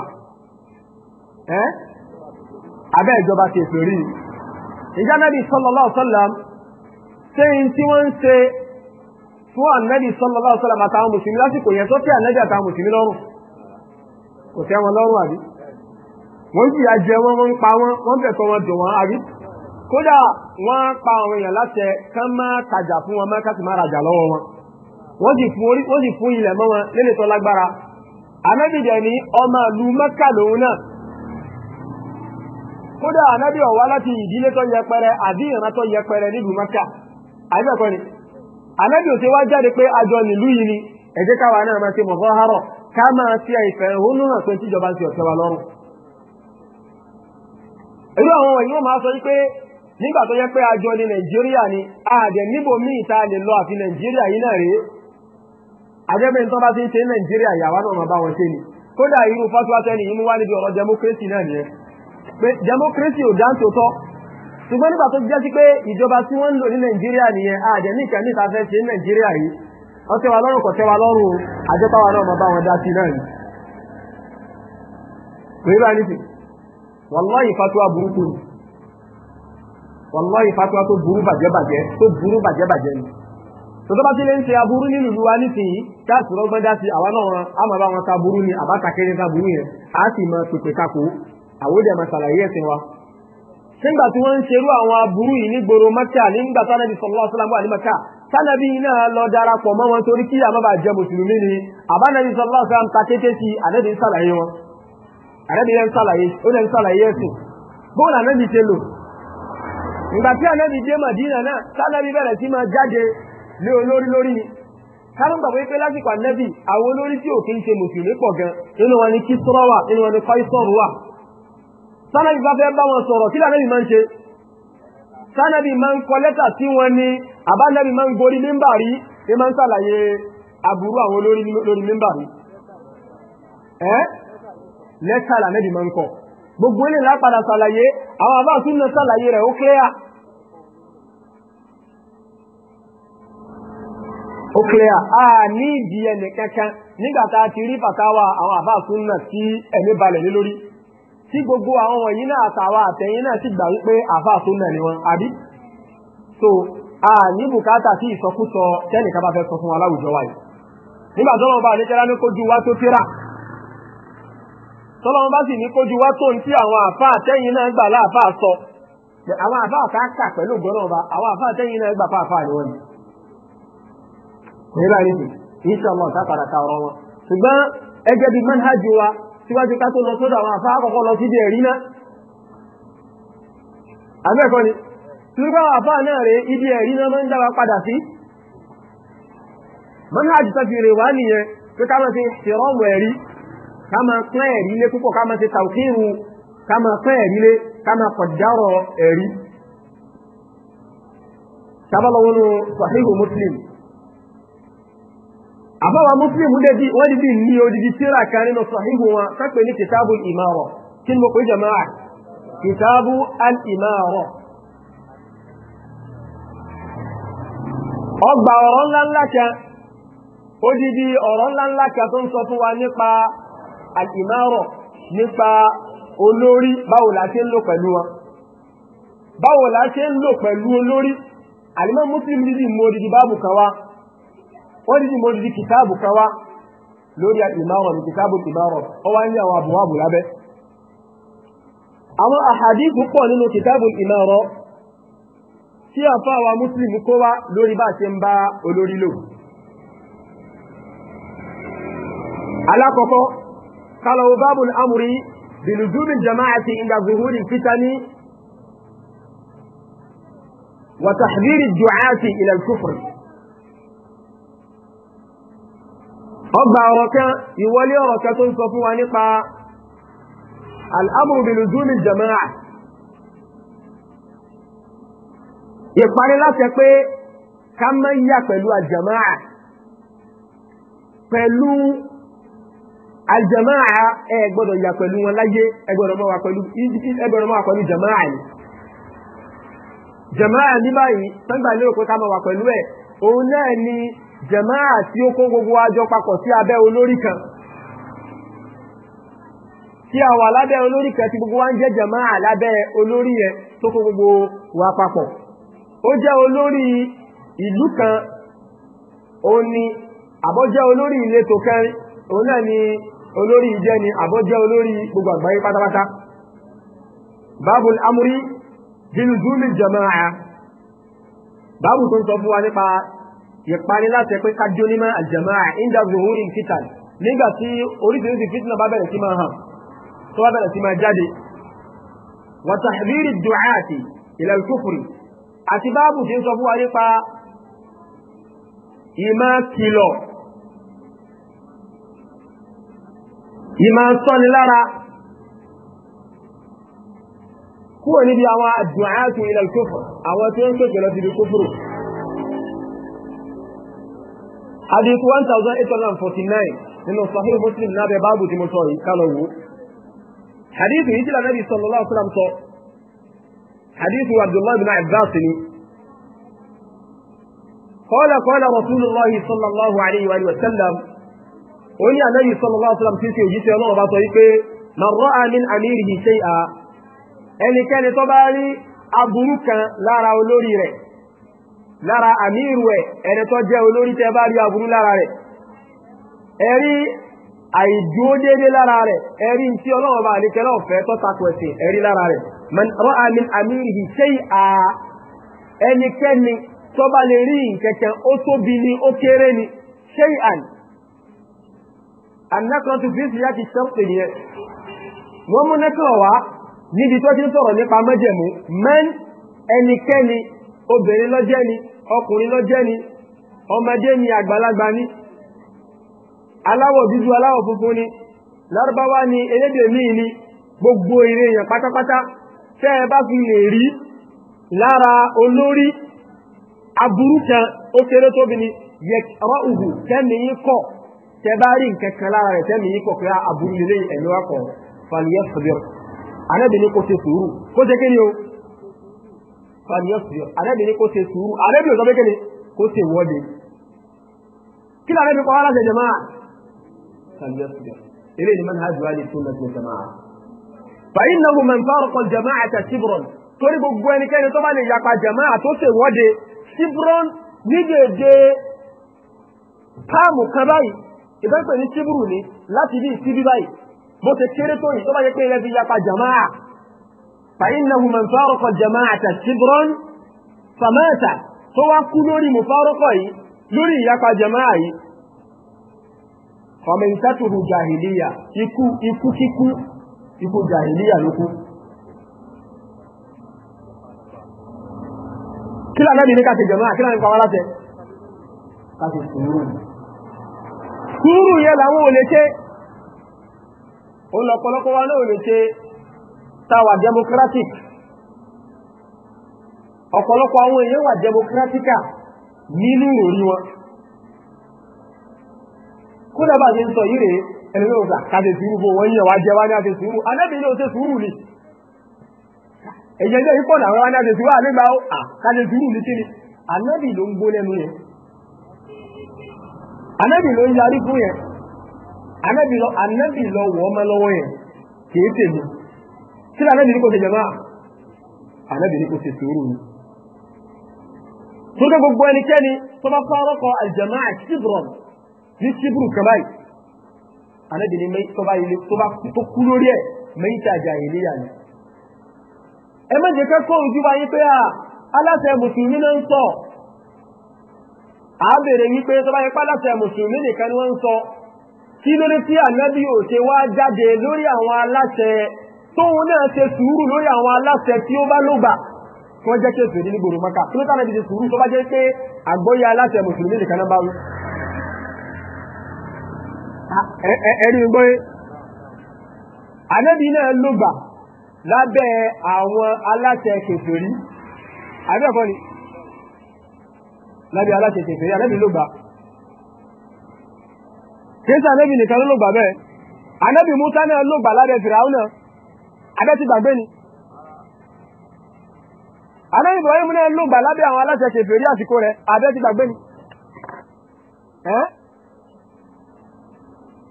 abẹ́ ìjọba kẹfẹ́ rí sẹ́yìn tí wọ́n ń ṣe fún ànábì sallallahu alaihi wasallam àtàwọn mùsùlùmí lásìkò yẹn tó tẹ ànábì àtàwọn mùsùlùmí lọ́rùn kò tẹ́ wọn lọ́rùn àbí wọ́n jìyà jẹ wọn wọ́n ń pa wọn wọ́n fẹ̀sọ̀ wọn dùn wọn àbí kódà wọ́n pa àwọn èèyàn láṣẹ ká má tajà fún wọn wọ́n sì fún orí wọ́n sì fún ilẹ̀ mọ́ wọn kódà láti a ni anábì ò kpe wá jáde pé àjọ nílùú yìí ni a jẹ́ káwa náà máa ṣe mọ̀fọ́hárọ̀ ká máa ṣe ìfẹ̀hónú hàn pé tíjọba ti ọ̀tẹ̀ wa lọ́rùn irú àwọn wọ̀nyí wọ́n máa sọ wípé nígbà tó yẹ pé àjọ ní nàìjíríà ni níbo míì tá a lè lọ àfi nàìjíríà yìí náà rèé àjẹpẹ́ ní tó bá ti ń ṣe nàìjíríà yàwá náà máa bá wọn ṣe ni kódà irú fatuwa yìí mú wá níbi ọ̀rọ̀ democracy náà nìyẹn pé democracy ò dáńtò tọ́ ṣùgbọ́n nígbà tó jẹ́ sí pé ìjọba tí wọ́n ń lò ní nàìjíríà nìyẹn àjẹ́ ní níta fẹ́ ṣe ní nàìjíríà yìí wọ́n tẹ́wa lọ́rùn kò si lọ́rùn àjọpáwa náà máa bá wọn dá sí náà fatuwa burúkú ni wàlláhì fatuwa tó burú bàjẹ́ tó burú bàjẹ́ ni. tó bá ti lè ń ṣe aburú nínú ìlú wa nísìnyí káàsì rọ́gbọ́n dá sí àwa náà nígbà tí wọ́n ń ṣerú àwọn aburú yìí nígboro mọ́kà nígbà sanabi sallallahu alaihi wasallam àlìmọ́kà sanabi náà lọ darapọ̀ mọ́ wọn torí kí àmọ́ bá jẹ mùsùlùmí ni àbánabi sallallahu alaihi wasallam ta kété sí ànábì ń sàlàyé wọn ànábì yẹn ń sàlàyé ó lẹ́ ń sàlàyé ẹ̀sìn bóun ànábì ṣe lò ìgbà tí ànábì dé Mádínà náà sanabi bẹ̀rẹ̀ sí máa jáde lé olórí lórí ni kálọ́ gbàgbé pé lásìkò ànábì àwọn olórí tí òkè ń ṣe mùsùlùmí pọ̀ gan nínú wọn ni Kísírà wà nínú wọn ni Káísọ̀rù wà sánàbí bá fẹ́ bá wọn sọ̀rọ̀ kí lànàbí máa ń ṣe sánàbí máa ń kọ lẹ́tà sí wọn ni àbánàbí máa ń gorí mímbà rí ní máa ń sàlàyé aburú àwọn olórí lórí mímbà rí ẹ́ lẹ́tà lànàbí máa ń kọ gbogbo ilé lápadà sàlàyé àwọn àbá àtúnná sàlàyé rẹ̀ ó clear ó clear a ní ìdí ẹnì kankan nígbà tá a ti rí fàtàwà àwọn àbá àtúnná tí ẹ̀mí balẹ̀ lé lórí tí gbogbo àwọn wọ̀nyí náà àtàwọn àtẹ̀yìn náà sì gbà wípé àfáà tó nà wọn àbí. so a ní bùkátà sí ìsọkúsọ tẹ́nìkan bá fẹ́ sọ fún wa láwùjọ wa yìí. nígbà tó lọ́wọ́ bá àdékẹ́lá ní kójú wa tó fẹ́ra tọ́lọ́wọ́ bá sì ní kójú wa tó ń tí àwọn àfáà tẹ́yìn náà gbà láàfáà sọ àwọn àfáà ká kà pẹ̀lú gbọ́dọ̀ bá àwọn àfáà tẹ́yìn náà gbà ni wọ́n ni. nígbà yìí inshallah ọ̀tá padà ta ọ̀rọ̀ wọn síwájú ká tó lọ sódà àwọn àfá àkọ́kọ́ lọ sí ibi ẹ̀rí náà àmẹ́ẹ̀kọ́ ni tíwípá àfá náà rẹ̀ ibi ẹ̀rí náà mọ́ ń dára padà sí manhaj tafi rẹ̀ wá nìyẹn pé ká máa ṣe ṣèrọ́mù ẹ̀rí ká máa pẹ́ ẹ̀rí lé púpọ̀ ká máa ṣe tàùkírù ká máa pẹ́ ẹ̀rí lé ká máa kọ̀dárọ̀ ẹ̀rí sábàlọ́wọ́nù sahihu muslim àbáwa mùsùlùmí dẹ́bi wọ́n di bí ní odidi síra kan nínú sọ̀híhù wọn sápẹ́ ní kìtàbù ìmárọ̀ kí ni mo pè jama'a kìtàbù al-ìmárọ̀. ọgbà ọ̀rọ̀ ńláńlá kan odidi ọ̀rọ̀ ńláńlá kan tó ń sọ fún wa nípa al-ìmárọ̀ nípa olórí báwo la ṣe ń lò pẹ̀lú wọn báwo la ṣe ń lò pẹ̀lú olórí àlùmọ́ mùsùlùmí dìdì mú odidi báàbù kan wá wọ́n rí mo rí kìtáàbù kan wá lórí ìmárọ̀ ní kìtáàbù ìmárọ̀ ó wá ní àwọn àbùwábù lábẹ́ àwọn àhàdíìsì pọ̀ nínú kìtáàbù ìmárọ̀ tí àfáwà mùsùlùmí kó wá lórí bá ṣe ń bá olórí lò alákọ̀ọ́kọ́ kálọ̀wọ̀ bábùn amúrí bìlùdúbìn jama'ati inda zuhuri fitani wa tahdhiri du'ati ila al-kufr ọgbà ọ̀rọ̀ kan ìwọlé ọ̀rọ̀ kan tó ń sọ fún wa nípa al'amru bi luzumi jama'a ìparí láti pé ká mọ́ yíyà pẹ̀lú aljama'a pẹ̀lú aljama'a ẹ gbọ́dọ̀ yà pẹ̀lú wọn láyé ẹ gbọ́dọ̀ máa wà pẹ̀lú jama'a ni jama'a ní báyìí tán gbà lérò pé ká máa wà pẹ̀lú ẹ̀ òun náà ni jẹ̀máà tí ó kó gbogbo àjọ papọ̀ sí abẹ́ olórí kan tí a wà lábẹ́ olórí kan tí gbogbo wa ń jẹ́ jẹ̀máà lábẹ́ olórí yẹn tó kó gbogbo wa papọ̀ ó jẹ́ olórí ìlú kan òun ni àbọ́jẹ́ olórí ìletò kẹrin òun náà ni olórí ìjẹ́ ni àbọ́jẹ́ olórí gbogbo àgbáyé pátápátá babul amri bil zulmi jama'a báàbù tó ń sọ fún wa nípa ìparí láti pé ká jó nímọ̀ àjàmáà inda zuhuri fitan nígbà tí oríṣiríṣi fitna bá bẹ̀rẹ̀ sí máa hàn tó bá bẹ̀rẹ̀ sí máa jáde wa tahdhiri du'ati ila al-kufri àti báàbù tí ń sọ fún wa nípa ìmá kìlọ̀ ìmá sọ́ni lára kúrò níbi àwọn du'ati ila al-kufri àwọn tí ń pèsè lọ sí ibi kúfùrù hadith one thousand eight hundred and forty-nine nínú sahih muslim lábẹ́ báàbù tí mo sọ yìí kálọ̀ wò hadith yìí tí lànàbí sallallahu alaihi wasallam sọ hadith abdullahi bin abbas ni qala qala rasulullah sallallahu alaihi wa sallam ó ní ànábì sallallahu alaihi wasallam tí ń ṣe òjíṣẹ́ ọlọ́run bá sọ yìí pé man ra'a min amirihi shay'a ẹnikẹ́ni tó bá rí aburú kan lára olórí rẹ̀ lára àmírù ẹ̀ ẹni tó jẹ́ olórí tẹ́ bá rí aburú lára rẹ̀ ẹ̀rí àìdúó déédéé lára rẹ̀ ẹ̀rí tí ọlọ́wọ́ bá àdékẹ́ náà fẹ́ tó takò ẹ̀sìn ẹ̀rí lára rẹ̀ man ra'a min amirihi shay'an ẹnikẹ́ni tó bá lè rí nkẹ̀kẹ́ ó tóbi ni ó kéré ni shay'an ànákọ́tù bíìsì yá ti sẹ́ǹpì nìyẹn wọ́n mú nẹ́kọ̀ wá níbi tó ti ń sọ̀rọ̀ nípa mẹ́jẹ̀mú mẹ́n ẹnikẹ́ni obìnrin lọ́jẹ́ ni ọkùnrin lọ́jẹ́ ni ọmọdé ni àgbàlagbà ni aláwọ̀ dúdú aláwọ̀ funfun ni lárúbáwá ni elédè míì ni gbogbo ire èèyàn pátápátá tẹ́ ẹ bá fi lè rí lára olórí aburú kan ó kéré tóbi ni yẹ̀kọ́rọ́ ògùn tẹ́mi yín kọ̀ tẹ́ bá rí nǹkan kan lára rẹ̀ tẹ́mi yín kọ̀ pé ah, aburú lélẹ́yìn ẹ̀mí wa fàlùyẹ́ kò ṣe sùúrù kó ṣe kí ni o faniyọsiyọ anabi ni kò ṣe sùúrù anabi yóò sọ pé kéde kò ṣe wọde kí ni anabi kọ́ wá láti jama faniyọsiyọ eré ni manhaj wa ni sunna ti jama. fàyín náà man fárọkọ jama àti sibron torí gbogbo ẹnikẹ́ni tó bá lè yapa jama àti ó ṣe wọde sibron ní dèdè páàmù kan báyìí ìbẹ́pẹ̀ ní sibru ni láti bí ìsibí báyìí bó ṣe kéré tó yìí tó bá yẹ pé ilẹ̀ فإنه من فارق الجماعة كبرا فمات هو كل مفارقي لوري يقع جماعي فميتته جاهلية يكو يكو كيكو يكو جاهلية يكو kila nabi ní káṣe jama'a kila ní kọwàá láti káṣe sùúrù sùúrù yẹ làwọn ò lè ṣe òun lọ̀pọ̀lọpọ̀ wa náà ò lè ṣe táwà democratic ọ̀pọ̀lọpọ̀ àwọn èèyàn wà democratica nínú ìròrí wọn kódà bá ṣe ń sọ yìí rèé ẹni ló sà káṣe sùúrù bó wọ́n yàn wá jẹ́ wá ní àṣẹ sùúrù anábì ní oṣù sùúrù ni èyí ẹjẹ́ yìí pọ̀ náà wá ní àṣẹ sùúrù àlégbà ó à káṣe sùúrù ni kíni anábì ló ń gbó lẹ́nu yẹn anábì ló ń yarí fún yẹn anábì lọ wọ́ ọmọ lọ́wọ́ yẹn kì í tèmi kí lóò anábì ní kò ṣe jàmá anábì ní kò ṣe sùúrù ni. tó dé gbogbo ẹnikẹ́ni tó bá fọ́ọ̀rọ̀ kọ àjàmá àṣìbùrọ̀ ní ṣíbùrù kàmáì anábì ní tó bá ilé tó kú lórí ẹ̀ mẹ́yìntà àjà ìléyà ni. ẹ má jẹ́ kẹ́kọ̀ọ́ ojú wa yín pé à aláṣẹ mùsùlùmí náà ń sọ àbèrè wípé tó bá yẹ pálásẹ mùsùlùmí nìkan ni wọ́n ń sọ kí ló dé tí ànábì ò ṣe wá jáde lórí àwọn aláṣẹ tóun náà ṣe sùúrù lórí àwọn aláṣẹ tí ó bá ló gbà tí wọ́n jẹ́ kí ètò ìdílé gbòòrò mọ́ka kí ló tánà ìdíje sùúrù tó bá jẹ́ pé àgbọ́yé aláṣẹ mùsùlùmí nìkan náà bá wí. ẹni gbọ́ yé ànábì náà ló gbà lábẹ́ àwọn aláṣẹ kèfèrí àbí ẹ̀kọ́ ni lábẹ́ aláṣẹ kèfèrí ànábì ló gbà kí sànábì nìkan ló gbà bẹ́ẹ̀ ànábì Mùsá náà ló gbà lábẹ́ Fìràwọ́ náà abẹ́ ti gbàgbé ni àbẹ́ Ibrahim náà ló gbà lábẹ́ àwọn aláṣẹ kèfèrí àsìkò rẹ̀ abẹ́ ti gbàgbé ni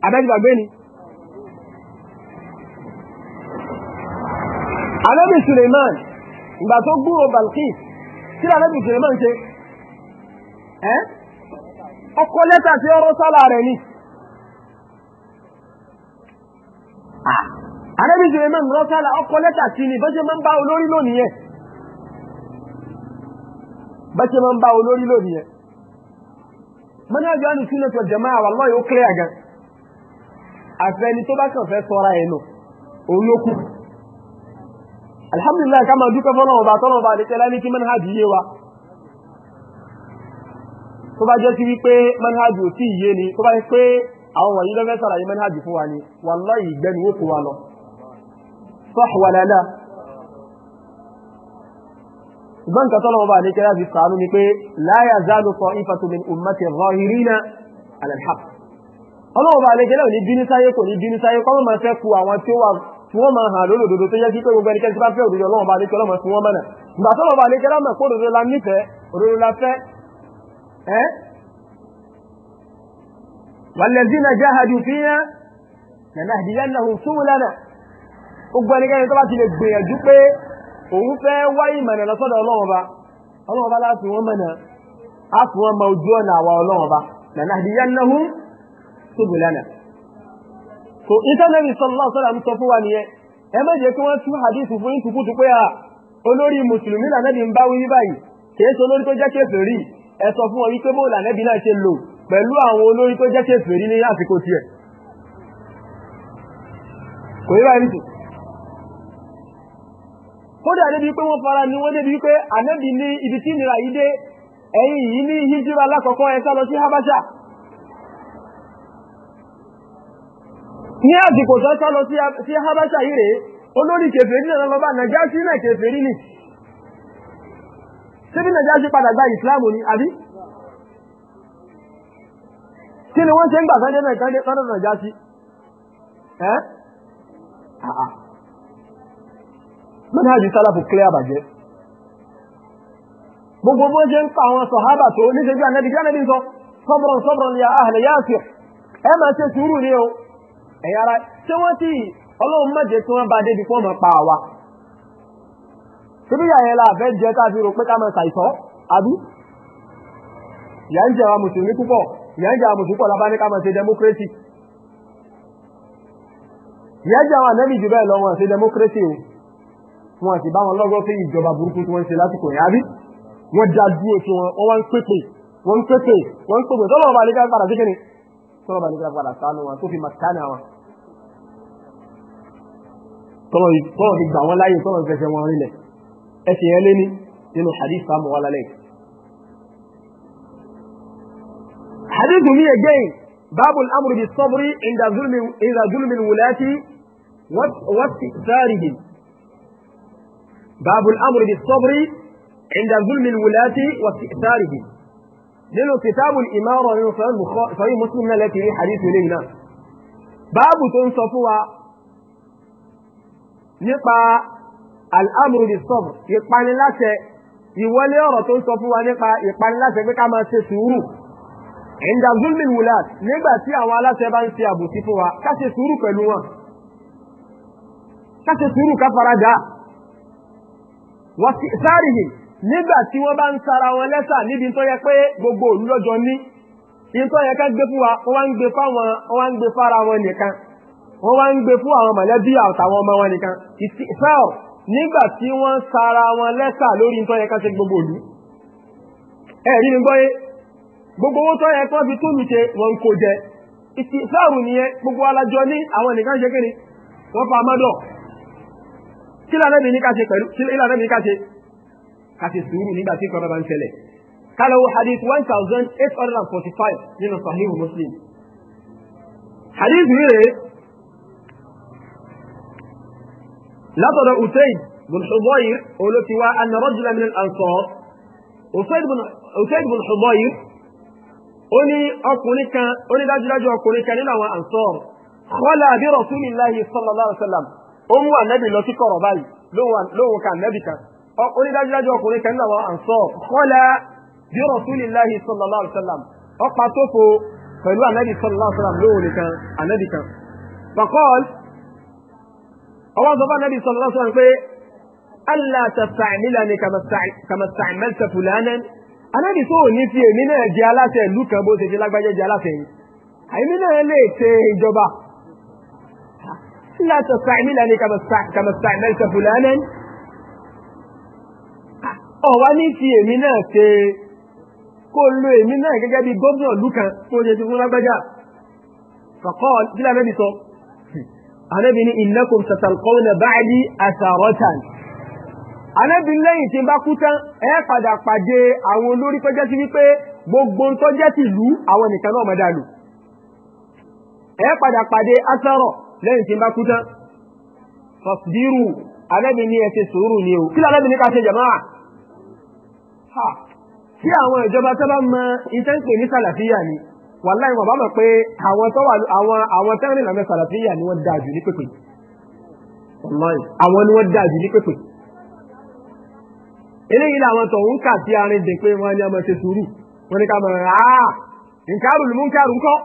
abẹ́ ti gbàgbé ni Ànábì Suleiman ìgbà tó gbúrò Balkis kí ni Ànábì Suleiman ṣe ọkọ lẹ́tà tí ọ̀rọ̀ sálà rẹ̀ ni. Ah! àrẹ́bí ṣe mẹ́ mọ́ sára ọkọ̀ lẹ́tà sí ni bọ́ṣe máa ń bá olórí lónìí yẹn bọ́ṣe máa ń bá olórí lónìí yẹn mọ́ni àjọ àni sílẹ̀ tó jẹ̀mọ́ àwọn lọ́yọ̀ ó kílẹ̀ àgán àfẹ́ni tó bá kàn fẹ́ sọ́ra ẹ̀ nù òun ló kù alhamdulilayi ká máa dúpẹ́ fọ́nà ọba tọ́nà ọba àdékẹ́ láyé kí manhaj yé wa tó bá jẹ́ sí wípé manhaj ò tí ì yé ni tó bá yẹ pé àwọn wọ̀nyí lọ́fẹ́ sọ̀rọ̀ yìí manhaj fún wa ni wàlláhì ìgbẹ́ni ó kó wa lọ. صح ولا لا ṣùgbọ́n nǹkan tọ́lọ́wọ́ bá níkẹ́lá fi sàánú ni pé la yazalu ta'ifatu min ummati zahirina ala al-haq ọlọ́wọ́ bá níkẹ́lá ní bínú sáyé kò ní bínú sáyé kọ́mọ́ máa fẹ́ ku àwọn tí wọ́n máa hàn lólòdodo tó yẹ kí pé gbogbo ẹnikẹ́ni tí bá fẹ́ òdodo ọlọ́wọ́ bá níkẹ́lá mọ̀ sí wọ́n mọ̀nà ìgbà tọ́lọ́wọ́ bá níkẹ́lá mọ̀ kó òdodo la nífẹ̀ẹ́ òdodo la fẹ́ ẹ́ walladhina jahadu fina lanahdiyannahum subulana gbogbo ẹnikẹ́ni tó bá ti lè gbìyànjú pé òun fẹ́ wáyé ìmọ̀nà lọ́sọ́dọ̀ ọlọ́run ba ọlọ́run ba láti wọ́n mọ̀nà á fi wọ́n mọ ojú ọ̀nà àwa ọlọ́run ba nàná àdìyẹ náhú tóbi lánàá. so ìtànàbì sọlọ́ sọ́dà ń sọ fún wa nìyẹn ẹ má kí wọ́n tú hadith fún yín pé à olórí mùsùlùmí lànàbì ń bá wí báyìí kì í ṣe olórí tó jẹ́ kèfèrí ẹ sọ fún wọn wípé bó lànàbì náà ṣe lò pẹ̀lú àwọn olórí tó jẹ́ kèfèrí ní àsìkò tiẹ̀ kò yí báyìí nìyí kódà débi pé wọ́n fara ni wọ́n débi pé ànábì ní ibi tí ìnira yìí dé ẹ̀yìn yìí ní hijira lákọ̀ọ́kọ́ ẹ sá lọ sí habasha ní àsìkò tó sá lọ sí habasha yìí rèé olórí kèfèrí náà lọ́ba nàìjíríà náà kèfèrí ni síbi nàìjíríà padà gba ìsìláàmù ni àbí kí ni wọ́n ṣe ń gbà sáńdé náà sáńdé sáńdé nàìjíríà sí manhaj sálàfù clear bàjẹ́ gbogbo bó ṣe ń pa àwọn sọ̀hábà tó níṣẹ́ bí anabi jánàbí sọ sọ́bùrọ̀ sọ́bùrọ̀ ni àhàlẹ̀ yá sí ẹ máa ṣe sùúrù o ẹ̀yà ara ṣé wọ́n ti ọlọ́run mọ̀jẹ̀ tí wọ́n bá débi fún ọmọ pa àwa síbí yàyẹn la àfẹ́ jẹ́ ká fi rò pé ká máa ṣàìsọ́ àbí ìyà ń jẹ́ àwọn mùsùlùmí púpọ̀ ń àwọn mùsùlùmí wọn àti báwọn lọ́gọ́ sí ìjọba burúkú tí wọ́n ń ṣe lásìkò yẹn àbí wọ́n já dúró sí wọn wọ́n wá ń pèpè wọ́n ń pèpè wọ́n ń pèpè tọ́lọ́mọba àlejò padà sí kíni tọ́lọ́mọba àlejò padà sánú wọn tó fi mà sánú àwọn. tọ́lọ́ fi gbà wọ́n láyè tọ́lọ́ fi fẹsẹ̀ wọn rinlẹ̀ ẹsẹ̀ yẹn lé ní nínú hadith fáwọn wà hadith mi again باب الأمر بالصبر عند ظلم عند ظلم الولاة واستئثارهم باب الامر بالصبر عند ظلم الولاة واستئثاره لانه كتاب الاماره من صحيح مسلم التي حديث لنا باب تنصفوا نقا الامر بالصبر يقال لا شيء يولي يرى تنصفوا نقا يقال لا شيء كما سيسورو عند ظلم الولاة نقا سيا ولا سيبان سيا بوتيفوا كاش سورو كنوا كاش سورو كفرادا wọ́n ti sáàrìhìn nígbà tí wọ́n bá ń sara wọn lẹ́sà níbi tó yẹ pé gbogbo òlu lọ́jọ́ ní ìtọ́ yẹ ká gbé fún wa wọ́n wá ń gbé fáwọn wọ́n wá ń gbé fára wọn nìkan wọ́n wá ń gbé fún àwọn mọ̀lẹ́bí àtàwọn ọmọ wọn nìkan ìsẹ́ọ̀ nígbà tí wọ́n sara wọn lẹ́sà lórí ìtọ́ yẹ ká ṣe gbogbo òlu ẹ̀rí mi gbọ́ yé gbogbo owó tó yẹ kí wọ́n fi túlù ṣe wọn kò jẹ ìsẹ́ọ̀ nìyẹn gbogbo alájọ ní àwọn nìkan ṣe kíni wọ́n pa amádọ̀ kí lànà mi ní ká ṣe pẹ̀lú kí lànà mi ní ká ṣe ká ṣe sùúrù nígbà tí nǹkan bá ń ṣẹlẹ̀ kálọ̀wọ̀ hadith one thousand eight hundred and forty five nínú sahihu muslim hadith yìí rèé látọ̀dọ̀ usaid bin hudayr olótiwa anna rajulan min al-ansar usaid bin hudayr ó ní ọkùnrin kan ó ní dájúdájú ọkùnrin kan nínú àwọn ansar khala bi rasulillahi sallallahu alaihi wa sallam ó mú ànábì lọ sí kọ̀rọ̀ báyìí lóhun ka ànábì kan ó ní dájúdájú ọkùnrin kan náà wọn à ń sọ kọ́lá bí rasulillahi sallallahu alaihi wasallam ó pa tófo pẹ̀lú ànábì sallallahu alaihi wasallam lóhun nìkan ànábì kan. bàkọ́ọ̀lù ọwọ́ sọ fún ànábì sallallahu alaihi wasallam pé allah tasta'milani kama sta'malta fulanan ànábì tó ní fi èmi náà jẹ aláṣẹ ìlú kan bó ṣe jẹ lágbájá jẹ aláṣẹ yìí àyè náà lè ṣe ìjọba لا تستعملني كما كما استعملت فلانا ọ̀wá ní ti èmi náà ṣe kó lo èmi náà gẹ́gẹ́ bí gómìnà ìlú kan tó ṣe ti fún lágbájá fàkọ́ sílẹ̀ anábì sọ anábì ní innakum satalqawna ba'di asaratan anábì lẹ́yìn tí n bá kú tán ẹ padà pàdé àwọn olórí tó sí wípé gbogbo ń tọ́jẹ́ ti lù àwọn nìkan náà mọ̀ dàlù ẹ padà pàdé asarọ̀ lẹ́yìn tí n bá kú tán fasbiru alẹ́bi ní ẹ ṣe sùúrù ni o kí ló alẹ́bi ní ká ṣe jàmáà ha tí àwọn ìjọba tó bá mọ iṣẹ́ ń pè ní sàlàfíà ni wàláì wọn bá mọ̀ pé àwọn tó wà àwọn àwọn tẹ́rìn ìlànà sàlàfíà ni wọ́n dáa jù ní pèpè àwọn ni wọ́n dáa jù ní pèpè eléyìí làwọn tó ń kà sí arin pé wọ́n ní ọmọ ṣe sùúrù wọ́n ní ká mọ̀ rà á nǹkan àrùn lùmú nǹkan àrùn kọ́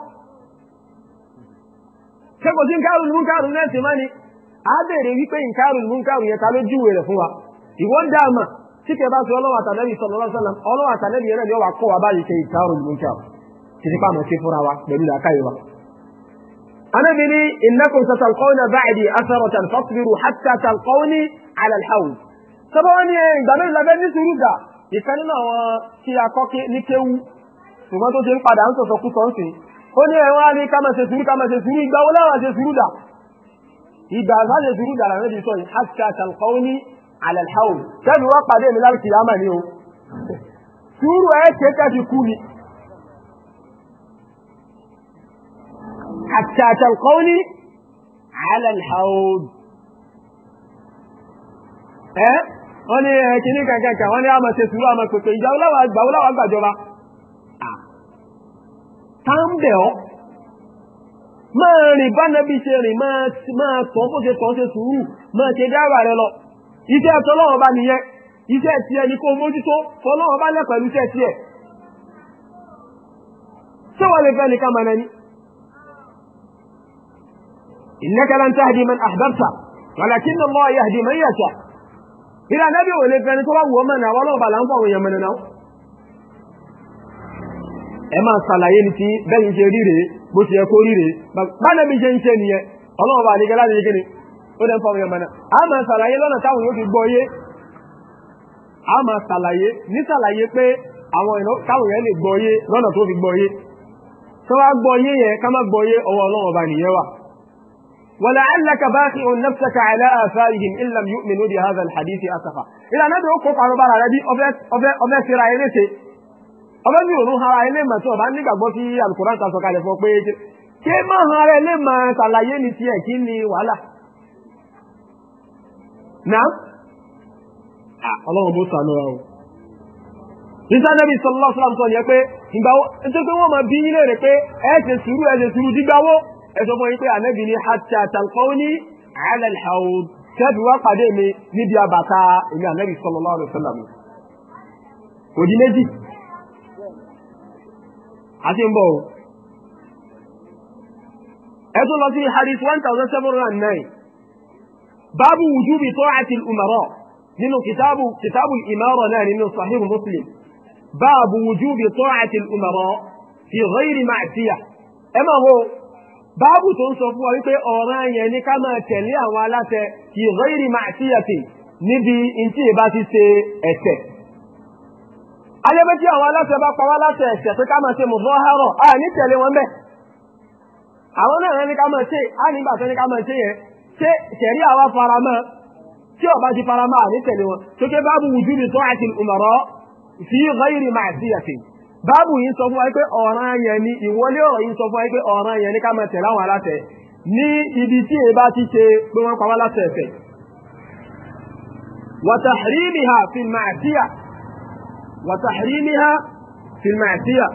kẹ́kọ̀ọ́ sí nkáàrù ní múnkàrù náà sì máa ni a bèèrè wípé nkáàrù ní múnkàrù yẹn ta ló júwèé rẹ̀ fún wa ìwọ́n dáàmà tí kẹ bá sọ ọlọ́wà tànẹ́bì sallallahu alaihi wasallam ọlọ́wà tànẹ́bì yẹn náà ni ó wà kọ́ wa báyìí ṣe nkáàrù ní múnkàrù títí pàmò sí fúnra wa pẹ̀lú làákàyè wa. anábì ní innakum satalqawna ba'di atharatan fasbiru ni ìgbà mẹ́rin labẹ́ ní sùúrù gà ó ní ẹ̀wọ́n á ní ká máa ṣe sùúrù ká máa ṣe sùúrù ìgbà wo láwọn ṣe sùúrù dà ìgbà àgbà ṣe sùúrù dà làwọn ẹbí sọ yìí haska talqawni ala alhawl kẹ́mi wá pàdé mi láti kìyàmà ni o sùúrù ẹ̀ ṣe kẹ́fi kú ni haska talqawni ala alhawl ẹ wọ́n ní ẹ̀ kìíní kankan kan wọ́n ní àmọ̀ ṣe sùúrù àmọ̀ pèpè ìgbà wo láwọn àgbàjọba ta ń bẹ̀ ọ́ máa rìn bánabi ṣe rìn máa tọ́ bó ṣe tọ́ ṣe sùúrù máa ṣe dára rẹ lọ iṣẹ́ tọ́lọ́wọ́ bá nìyẹn iṣẹ́ tiẹ̀ ni kó mójútó fọlọ́wọ́ bá lẹ̀ pẹ̀lú iṣẹ́ tiẹ̀ ṣé wọ́n lè fẹ́ nìkan mọ̀ nani. إنك لن تهدي من أحببت ولكن الله يهدي من يشاء إلى نبي ولفن ترى ومن ولو بلان فهو يمننا ẹ máa ṣàlàyé ní ti bẹ́yìn ṣe ríre bó ti yẹ kó ríre bánàbí ṣe ń ṣe nìyẹn ọlọ́run bá nìkan láti ṣe kí ni ó dẹ̀ ń fọwọ́ yẹn mọ́nà a máa ṣàlàyé lọ́nà táwọn yóò fi gbọ́ yé a máa ṣàlàyé ní ṣàlàyé pé àwọn ìlú táwọn yẹn lè gbọ́ yé lọ́nà tó fi gbọ́ yé tó bá gbọ́ yé yẹn ká má gbọ́ yé ọwọ́ ọlọ́run bá nìyẹn wà. ولعلك باخع نفسك على آثارهم إن لم يؤمنوا بهذا الحديث أسفا إلى ندعو كوكا نبالا ربي أبيت أبيت أبيت ọba ní òun hara ẹlẹ́mọ̀ tí ọba nígbàgbọ́ sí alukóra ta sọ kalẹ̀ fọ pé ṣé má hara ẹlẹ́mọ̀ ṣàlàyé ni tiẹ̀ kí ni wàhálà. na ọlọ́run bó sànú ra o. nígbà náà bí sọlọ́ sọlá sọ yẹn pé ìgbà wo nítorí pé wọ́n máa bí yín léèrè pé ẹ ṣe sùúrù ẹ ṣe sùúrù dígbà wo ẹ sọ fún yín pé ànábì ni hatta talqawni ala al-hawd tẹ́bi wá pàdé mi níbi àbàtà èmi ànábì sallallahu alaihi wasallam òdì méjì àti ń bọ̀ o ẹ tó lọ sí hadith one thousand seven hundred and nine báàbù wujubi ta'ati al-umara nínú kìtàbù kìtàbù ìmọ̀rọ̀ náà nínú sahih muslim báàbù wujubi ta'ati al-umara fi ghayri ma'siyah ẹ máa wo báàbù tó ń sọ fún wa wípé ọ̀ràn yẹn ní ká máa tẹ̀lé àwọn aláṣẹ fi ghayri ma'siyah níbi ìtì ìbá ti ṣe ẹ̀ṣẹ̀ ajẹ́pẹ́ tí àwọn aláṣẹ bá pa wá láṣẹ ẹ̀ṣẹ̀ pé ká máa ṣe mùsọ́hárọ̀ a ní tẹ̀lé wọn bẹ́ẹ̀ àwọn náà rẹ ní ká máa ṣe á nígbà tó ní ká máa ṣe yẹn ṣé ṣẹ̀rí àwa faramọ́ tí ọba ti faramọ́ a ní tẹ̀lé wọn tókè báàbù wùjú ni tó àti ìmọ̀rọ̀ fi ghayri ma'siyati báàbù yìí sọ fún wa pé ọ̀ràn yẹn ni ìwọlé ọ̀rọ̀ وتحريمها في المعصية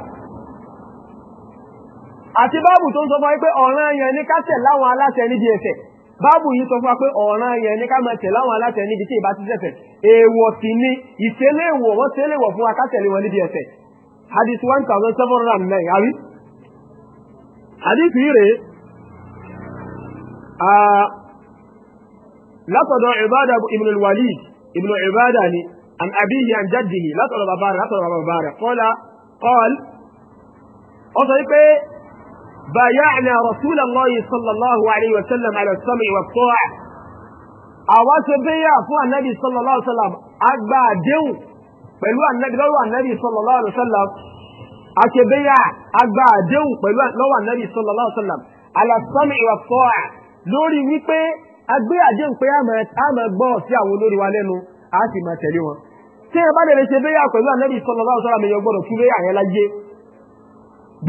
àti báàbù tó ń sọ fún wa pé ọ̀ràn yẹn ní ká tẹ̀ láwọn aláṣẹ níbi ẹ̀ṣẹ̀ báàbù yìí sọ fún wa pé ọ̀ràn yẹn ní ká máa tẹ̀ láwọn aláṣẹ níbi tí ìbá ti ṣẹ̀ṣẹ̀ èèwọ̀ sì ni ìṣẹ̀lẹ̀ èèwọ̀ wọ́n ṣẹlẹ̀ wọ̀ fún wa ká tẹ̀lé wọn níbi ẹ̀ṣẹ̀ hadith one thousand seven hundred and nine àrí hadith yìí rèé ah, látọ̀dọ̀ Ibadah ibn al-Walid ibn ni عن أبيه عن جده لا ترى بابارة لا ترى بابارة قال قال أصيب بايعنا رسول الله صلى الله عليه وسلم على السمع والطاعة أواصل بيا فوق النبي صلى الله عليه وسلم أكبر دين pẹ̀lú ànábì lọ́wọ́ ànábì sallallahu alaihi wasallam àṣebéyà àgbà àdéhùn pẹ̀lú lọ́wọ́ ànábì sallallahu alaihi wasallam alàsámi ìwà fọ́à lórí wípé agbé àdéhùn pé àmọ̀ gbọ́ sí àwọn olórí wa lẹ́nu á sì máa tẹ̀lé wọn tí ẹ bá lè lè ṣe béyà pẹ̀lú ànábì sọlọ láwùjọ àmì yẹn gbọdọ̀ tú béyà yẹn láyé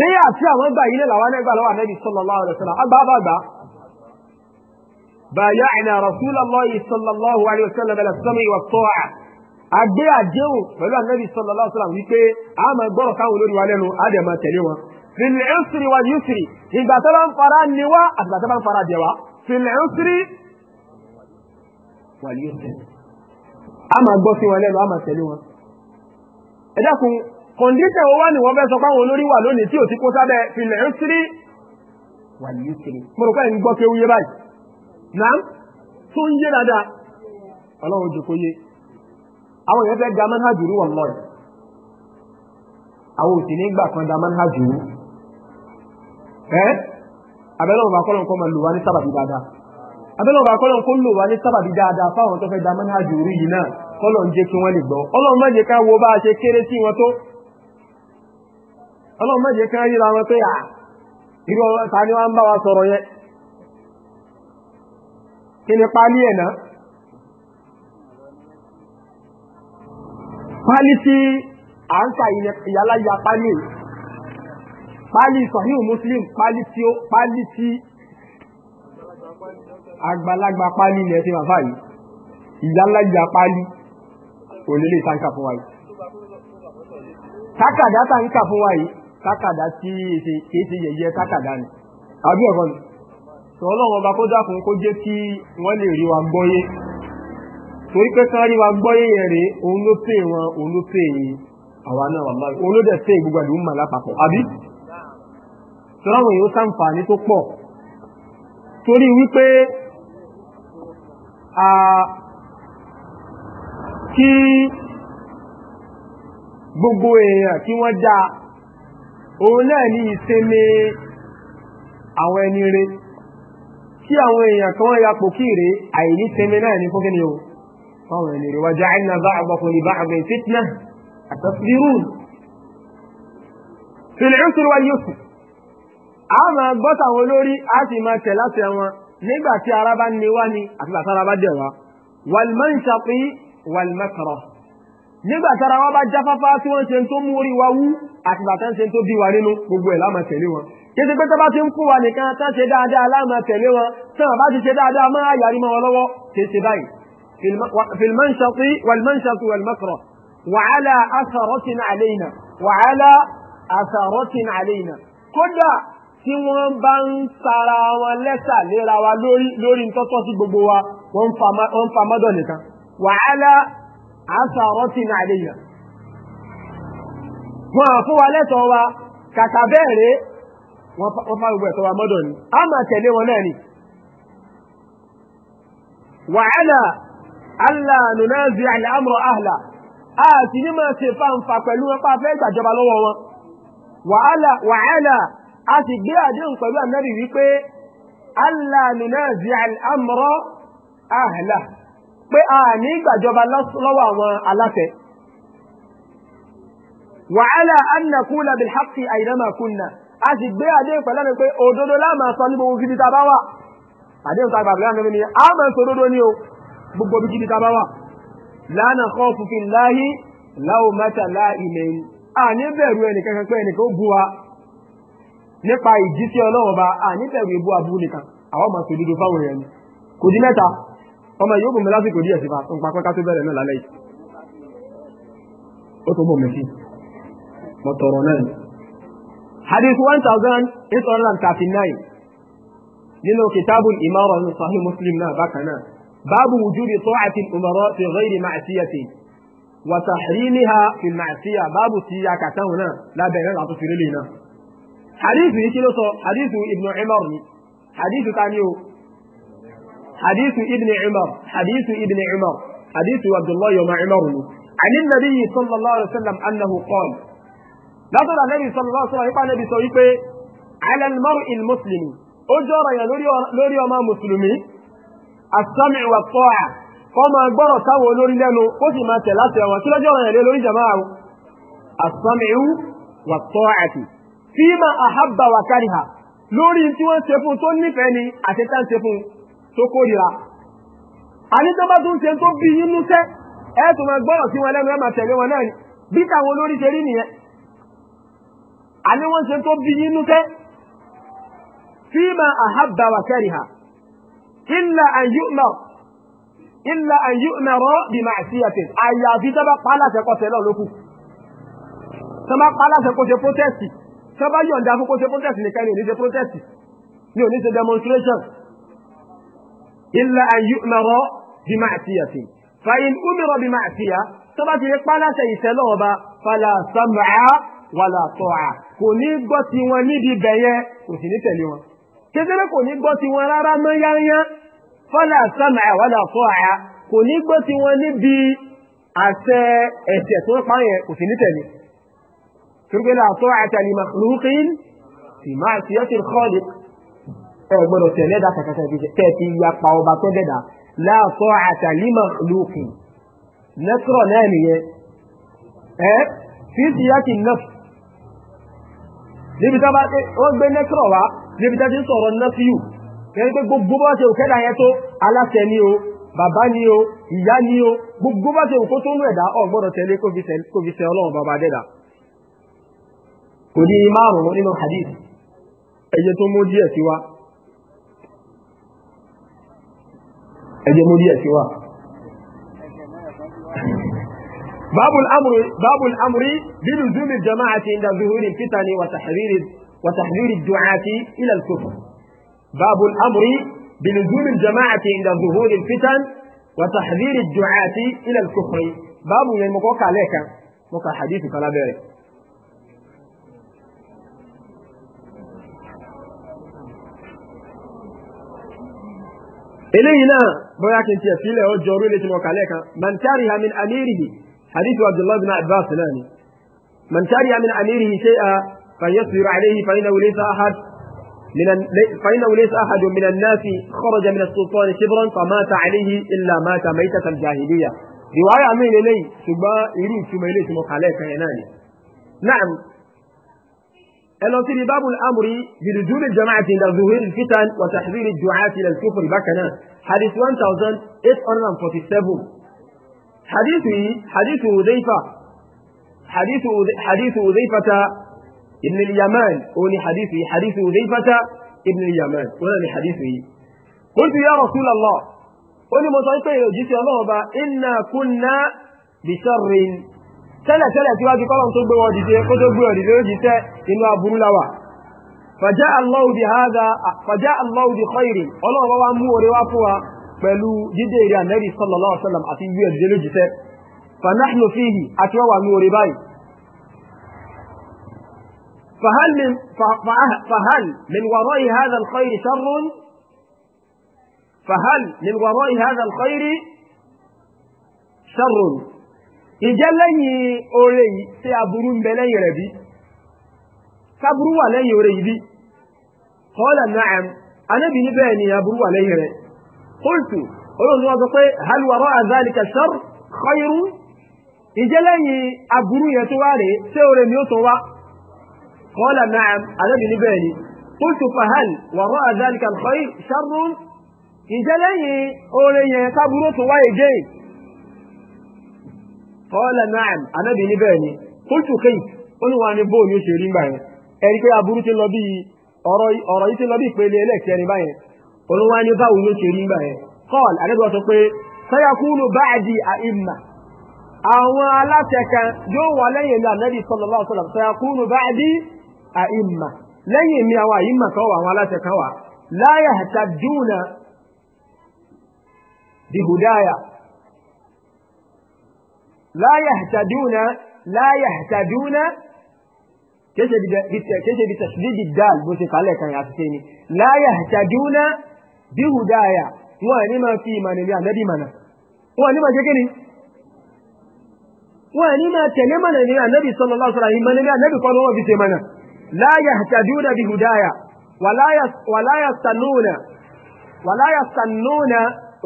béyà tí àwọn gbà yìí làwọn náà gbà lọ́wọ́ ànábì sọlọ láwùjọ sọlọ àgbà bá gbà. بايعنا رسول الله صلى الله عليه وسلم على السمع والطاعة àgbé àdéhùn pẹ̀lú ànábì sọlọ láwùsọlá wípé a máa gbọ́rọ̀ káwọn olórí wa lẹ́nu á dẹ̀ máa tẹ̀lé wọn. fìlẹ̀ ẹ́sìrì wà yúsìrì ìgbà tó bá ń fara ni wá a ma gbọ́ wọn lẹ́nu a máa wọn. ẹ dákun kọ̀ǹdíṣẹ̀ wo wá ni wọ́n fẹ́ sọ pé olórí wà lónìí tí o ti kó sábẹ́ filẹ̀ ń siri wà ní ìsírí. mo rò pé ń gbọ́ pé wúyé báyìí náà tó ń yé dáadáa ọlọ́run jù kó yé àwọn èèyàn fẹ́ ga manhajuru wọn àwọn òsì kan ga manhajuru abẹ́lẹ́ òun bá kọ́ lóun kọ́ máa lò wá ní abẹ́lọ́ba kọ́lọ̀ kó lò wá ní sábàbí dáadáa fáwọn tó fẹ́ da mọ́nájú orí yìí náà kọ́lọ̀ ń jẹ́ kí wọ́n lè gbọ́ ọlọ́run má jẹ́ ká wo bá a ṣe kéré sí wọn tó ọlọ́run má jẹ́ ká ríra wọn pé à irú ọ̀rọ̀ ta ni wọ́n bá wa sọ̀rọ̀ yẹn kí ni pálí ẹ̀ náà pálí tí à ń ta ìyálàyà pálí pálí Sahih Muslim pálí tí àgbàlagbà pálí ilẹ̀ ṣe màfà yìí ìyálàjà pálí kò lè lè tanka fún wa yìí tákàdá tanka fún wa yìí tákàdá tí kìí ṣe yẹyẹ tákàdá ni àbí ẹ̀kọ́ ni ọlọ́run ọba kó dákun kó jẹ́ kí wọ́n lè rí wa gbọ́yé torí pé kán rí wa gbọ́yé yẹn rèé òun ló pè wọn òun ló pè àwa náà wàlá òun ló dẹ̀ pè gbogbo àdúgbò màlá papọ̀ àbí sọ́run yóò sàǹfààní tó pọ̀ torí wípé kí gbogbo èèyàn kí wọ́n já òun náà ní ìsinmi àwọn ẹni re kí àwọn èèyàn kan ya pò kí rè àìní sinmi náà ní fúnkẹ́ ni o fáwọn ẹni re wa ja'alna ba'dakum li ba'din fitna atasbirun fil usri wal yusri a máa gbọ́ta àwọn olórí a sì máa tẹ̀ láti àwọn nígbà tí ara bá ní wá ni àti bàtà ara bá dẹ̀ wá wàlmánṣàpì wàlmẹ́kọ̀rọ̀ nígbà tí ara wa bá jáfáfá tí wọ́n ṣe tó mú orí wa wú àti bàtà ṣe tó bí wa nínú gbogbo ẹ̀ láàmà tẹ̀lé wọn kéde pé tó bá ti ń fún wa nìkan tán ṣe dáadáa láàmà tẹ̀lé wọn tán àbá ti ṣe dáadáa máa yàrí mọ́ wọn lọ́wọ́ kéṣe báyìí fìlmánṣàpì wàlmánṣàpì wàlmẹ́kọ̀rọ̀ wàhálà asàrọ̀tìn àlẹ́yìnà kódà tí wọ́n bá ń tara wọn lẹ́sà léra wa lórí lórí ntọ́tọ́ sí gbogbo wa wọ́n ń fa mọ́dọ̀ nìkan wàhálà àṣàrọ́tì ní àlejò wọn à fún wa lẹ́tọ̀ọ́ wa kàkà bẹ́ẹ̀ rèé wọ́n fa gbogbo ẹ̀tọ́ wa mọ́dọ̀ ni a máa tẹ̀lé wọn náà ni wàhálà allah nunazi al-amru ahla a sì ní máa ṣe fáǹfà pẹ̀lú wọn pa fẹ́ gbàjọba lọ́wọ́ wọn wàhálà wàhálà a sì gbé àdéhùn pẹ̀lú ànábì wípé allah nunazi al-amra ahla pé a ní gbàjọba lọ́wọ́ àwọn aláṣẹ wa ala an naqula bil haqqi aynama kunna a sì gbé àdéhùn pẹ̀lú ànábì pé òdodo la sọ ní gbogbo gidi tá wà àdéhùn tá pẹ̀lú ànábì ni a máa sọ òdodo ní o gbogbo gidi tá a bá wà la nakhafu fillahi lawmata a ní bẹ̀rù ẹnìkan kan pé ẹnìkan ó bu wa nípa ìjí sí ọlọ́run bá a níbẹ̀rù ìbú aburú nìkan àwọn ọmọ sòdodo fáwọn èèyàn ni kò di mẹ́ta ọmọ yóò bùnmi lásìkò díẹ̀ sí fa tó ń pa pẹ́ká tó bẹ̀rẹ̀ náà lálẹ́ yìí ó tó bọ̀ mẹ́sì mo tọrọ náà ni. hadith one thousand eight hundred and thirty nine nínú kitabu imara sahih muslim náà bákan náà báàbù wujudi ta'ati umara fi ghairi ma'siyati wa tahrimiha fi ma'siyah báàbù sí akàtàwọn náà lábẹ́rẹ́ látó fi rélé náà hadithu yìí kí ló sọ hadithu ibnu umar ni hadithu ta ni o hadithu ibnu umar hadithu ibnu umar hadithu abdullahi ọmọ umar ni ani nabi sallallahu alaihi wa sallam annahu qol látọ̀dọ̀ nabi sallallahu alaihi wa sallam ipa nabi sọ wípé ala al-mar'i al-muslimi ó jọra yẹn lórí ọmọ mùsùlùmí as-sam'u wa at-ta'a kọ́ máa gbọ́rọ̀ sáwọn olórí lẹ́nu ó sì máa tẹ̀ láti ẹ̀wọ̀n kí lọ́jọ́ ọ̀rọ̀ yẹn lé lórí jama'a as-sam'u wa at-ta'ati fíìmà àhábà wà káríhà lórí tí wọ́n ṣe fún tó nífẹ̀ẹ́ ni àṣetá ń ṣe fún tó kórìíra. àníjọba tún ṣe tó bí inú sẹ́ ẹ tún máa gbọ́rọ̀ sí wọn lẹ́nu ẹ máa tẹ̀lé wọn náà ni bí táwọn olórí ṣe rí nìyẹn. àní wọ́n ṣe tó bí inú sẹ́ fíìmà àhábà wà káríhà ilà àyùmọ̀ ilà àyùmọ̀ rọ́ bìmọ̀ àti àtẹ̀ àyàfi tẹ́ bá tẹ́ bá pa á láṣẹ kó sábà yọ̀ǹda kókó ṣe protest nìkan ni ò ní ṣe protest ni ò ní ṣe demonstration illa an yu'mara bi ma'siyati fa in umira bi ma'siya sábà ti lè pálásẹ̀ ìṣẹ́lẹ̀ ọba fala sam'a wala ta'a kò ní gbọ́ ti wọn níbi bẹ̀yẹ kò sì ní tẹ̀lé wọn kékeré kò ní gbọ́ ti wọn rárá mọ́ yányá fala sam'a wala ta'a kò ní gbọ́ ti wọn níbi àṣẹ ẹ̀ṣẹ̀ tó ń pa yẹn kò sì ní tẹ̀lé torí pé la ta'ata li makhluqin fi ma'siyati al-khaliq ẹ gbọ́dọ̀ tẹ̀lé ẹ̀dá kàkàkà tẹ̀ ti ya pa ọba tó dẹ̀dá la ta'ata li makhluqin nẹ́tírọ̀ náà nìyẹn ẹ fi siyati an-nafs níbi tá bá gbé nẹ́tírọ̀ wá níbi tá ti sọ̀rọ̀ nẹ́fíù kẹ́rí pé gbogbo bá ṣe òkèdà yẹn tó aláṣẹ ni o bàbá ni o ìyá ni o gbogbo bá ṣe òkó tó ń ẹ̀dá ọ̀ gbọ́dọ̀ tẹ̀lé kó fi tẹ̀ ọlọ́run bàbá dẹ́dà. kodi imaamu mo ninu hadis ẹjẹ tó mú díẹ باب الامر باب الامر بلزوم الجماعه عند ظهور الفتن وتحذير وتحذير الدعاة الى الكفر. باب الامر بلزوم الجماعه عند ظهور الفتن وتحذير الدعاة الى الكفر. باب من المكوكا لك مكا حديث كلا إلينا ولكن تي سيلا او جوري لتي وكاليكا من كاره من اميره حديث عبد الله بن عباس ناني من كاره من اميره شيئا فيصبر عليه فانه ليس احد من فانه ليس احد من الناس خرج من السلطان شبرا فمات عليه الا مات ميته جاهليه روايه امين الي سبا يريد سبا يريد نعم ẹlọtí ni bábùl amúrí bìdùdúrì jama'ati ìdá zuhuri fitan wa tahdhiri du'ati ilal kufri bákan náà hadith one thousand eight hundred and forty seven hadith yìí hadith udayfa hadith hadith udayfata ibn al-yaman òun ni hadith yìí hadith udayfata ibn al-yaman òun ni hadith yìí. qultu ya rasulallah ó ní mo sọ pé ìròjì sí ọlọ́wọ́ bá inna kunna bisharrin. tẹ́lẹ̀ tẹ́lẹ̀ tí wá tẹ́lẹ̀tẹ́lẹ̀ síwájú kọ́lọ̀ tó gbé ọdìdé won dide tó gbé ọdìdé ó jíṣẹ́ inú te fàjá aláwùdí kọ́ìrì ọlọ́run bá wá mú oore wá fún wa mu ori wa dídé eré irin aneri sallallahu alaihi àti gbé ọdìdé ló jíṣẹ́ fanahnu fihi àti wọ́n wà mú oore báyìí fahal min wara'i hadha al-khayri sharrun fahal min wara'i hadha al-khayri sharrun ǹjẹ́ lẹ́yìn oore yìí tí aburú ń bẹ lẹ́yìn rẹ̀ bí sáburú wà lẹ́yìn oore yìí bí kọ́ọ̀lá na'am anábì ní bẹ́ẹ̀ ni aburú wà lẹ́yìn rẹ̀ qultu olóòtú wọn sọ pé hal wara'a dhalika sharr khayru ǹjẹ́ lẹ́yìn aburú yẹn tó wá rè é ṣé oore mi ó tó wá kọ́ọ̀lá na'am anábì ní bẹ́ẹ̀ ni qultu fa hal wara'a dhalika al-khayr lẹ́yìn oore yẹn sáburú tó wá èjẹ́ yìí kọ́ọ̀lẹ̀ náà anábì ní bẹ́ẹ̀ ni kóòtù kéyì ó ní wà ní bóòlù yóò ṣe rí gbà yẹn ẹni pé aburú ti lọ bí ọ̀rọ̀ yìí ti lọ bí ìpele ẹlẹ́kẹrin báyẹn olúwa ní báwo yóò ṣe rí gbà yẹn kọ́ọ̀lẹ̀ anábì sọ pé sayakulu báàdì àìmà àwọn aláṣẹ kan yóò wà lẹ́yìn mi anábì sallallahu alaihi wasallam sayakulu báàdì àìmà lẹ́yìn mi àwọn àìmà kan wà àwọn aláṣẹ kan wà la yahtajuna bihudaya لا يهتدون لا يهتدون كيف بتشديد الدال بوسي عليك يا حسيني لا يهتدون بهدايا واني ما في من يا نبي منا واني ما جكني واني ما تلمنا يا نبي صلى الله عليه وسلم من يا النبي قالوا في سمنا لا يهتدون بهدايا ولا ولا يستنون ولا يستنون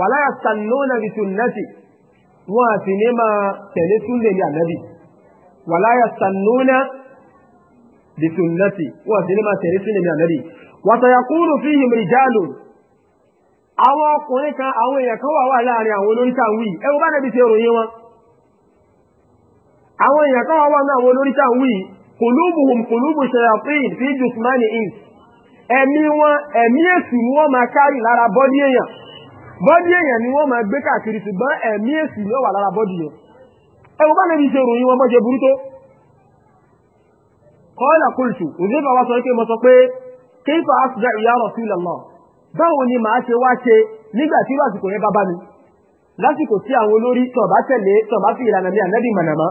ولا يستنون بسنتي wọn à sì ní máa tẹ̀lé súnlẹ̀ ní ànábì wala yastannuna bi sunnati wọn à sì ní máa tẹ̀lé súnlẹ̀ ní ànábì wa sayakunu fihim rijalun àwọn ọkùnrin kan àwọn èèyàn kan wà wà láàrin àwọn olóríta wí ẹ wo bá nàbí ṣe ròyìn wọn àwọn èèyàn kan wà wà ní àwọn olóríta wí kùlùbùhùm kùlùbù shayatin fi jùsùmánì ins wọn ẹ̀mí èsù ni máa kárì lára bọ́dí èèyàn bọ́dí èèyàn ni wọ́n máa gbé káàkiri ṣùgbọ́n ẹ̀mí èsì ló wà lára bọ́dí yẹn ẹ̀wọ̀n bá níbi ṣe ròyìn wọn bọ́jẹ burú tó kọ́ọ̀lá kùlùtù òzébà wa sọ pé mo sọ pé kéfà àṣìjà ìyá Rasulullah báwo ni màá ṣe wá ṣe nígbà tí lásìkò yẹn bá bá mi lásìkò tí àwọn olórí tọ̀bá tẹ̀lé tọ̀bá fi ìlànà mi ànábì mànàmá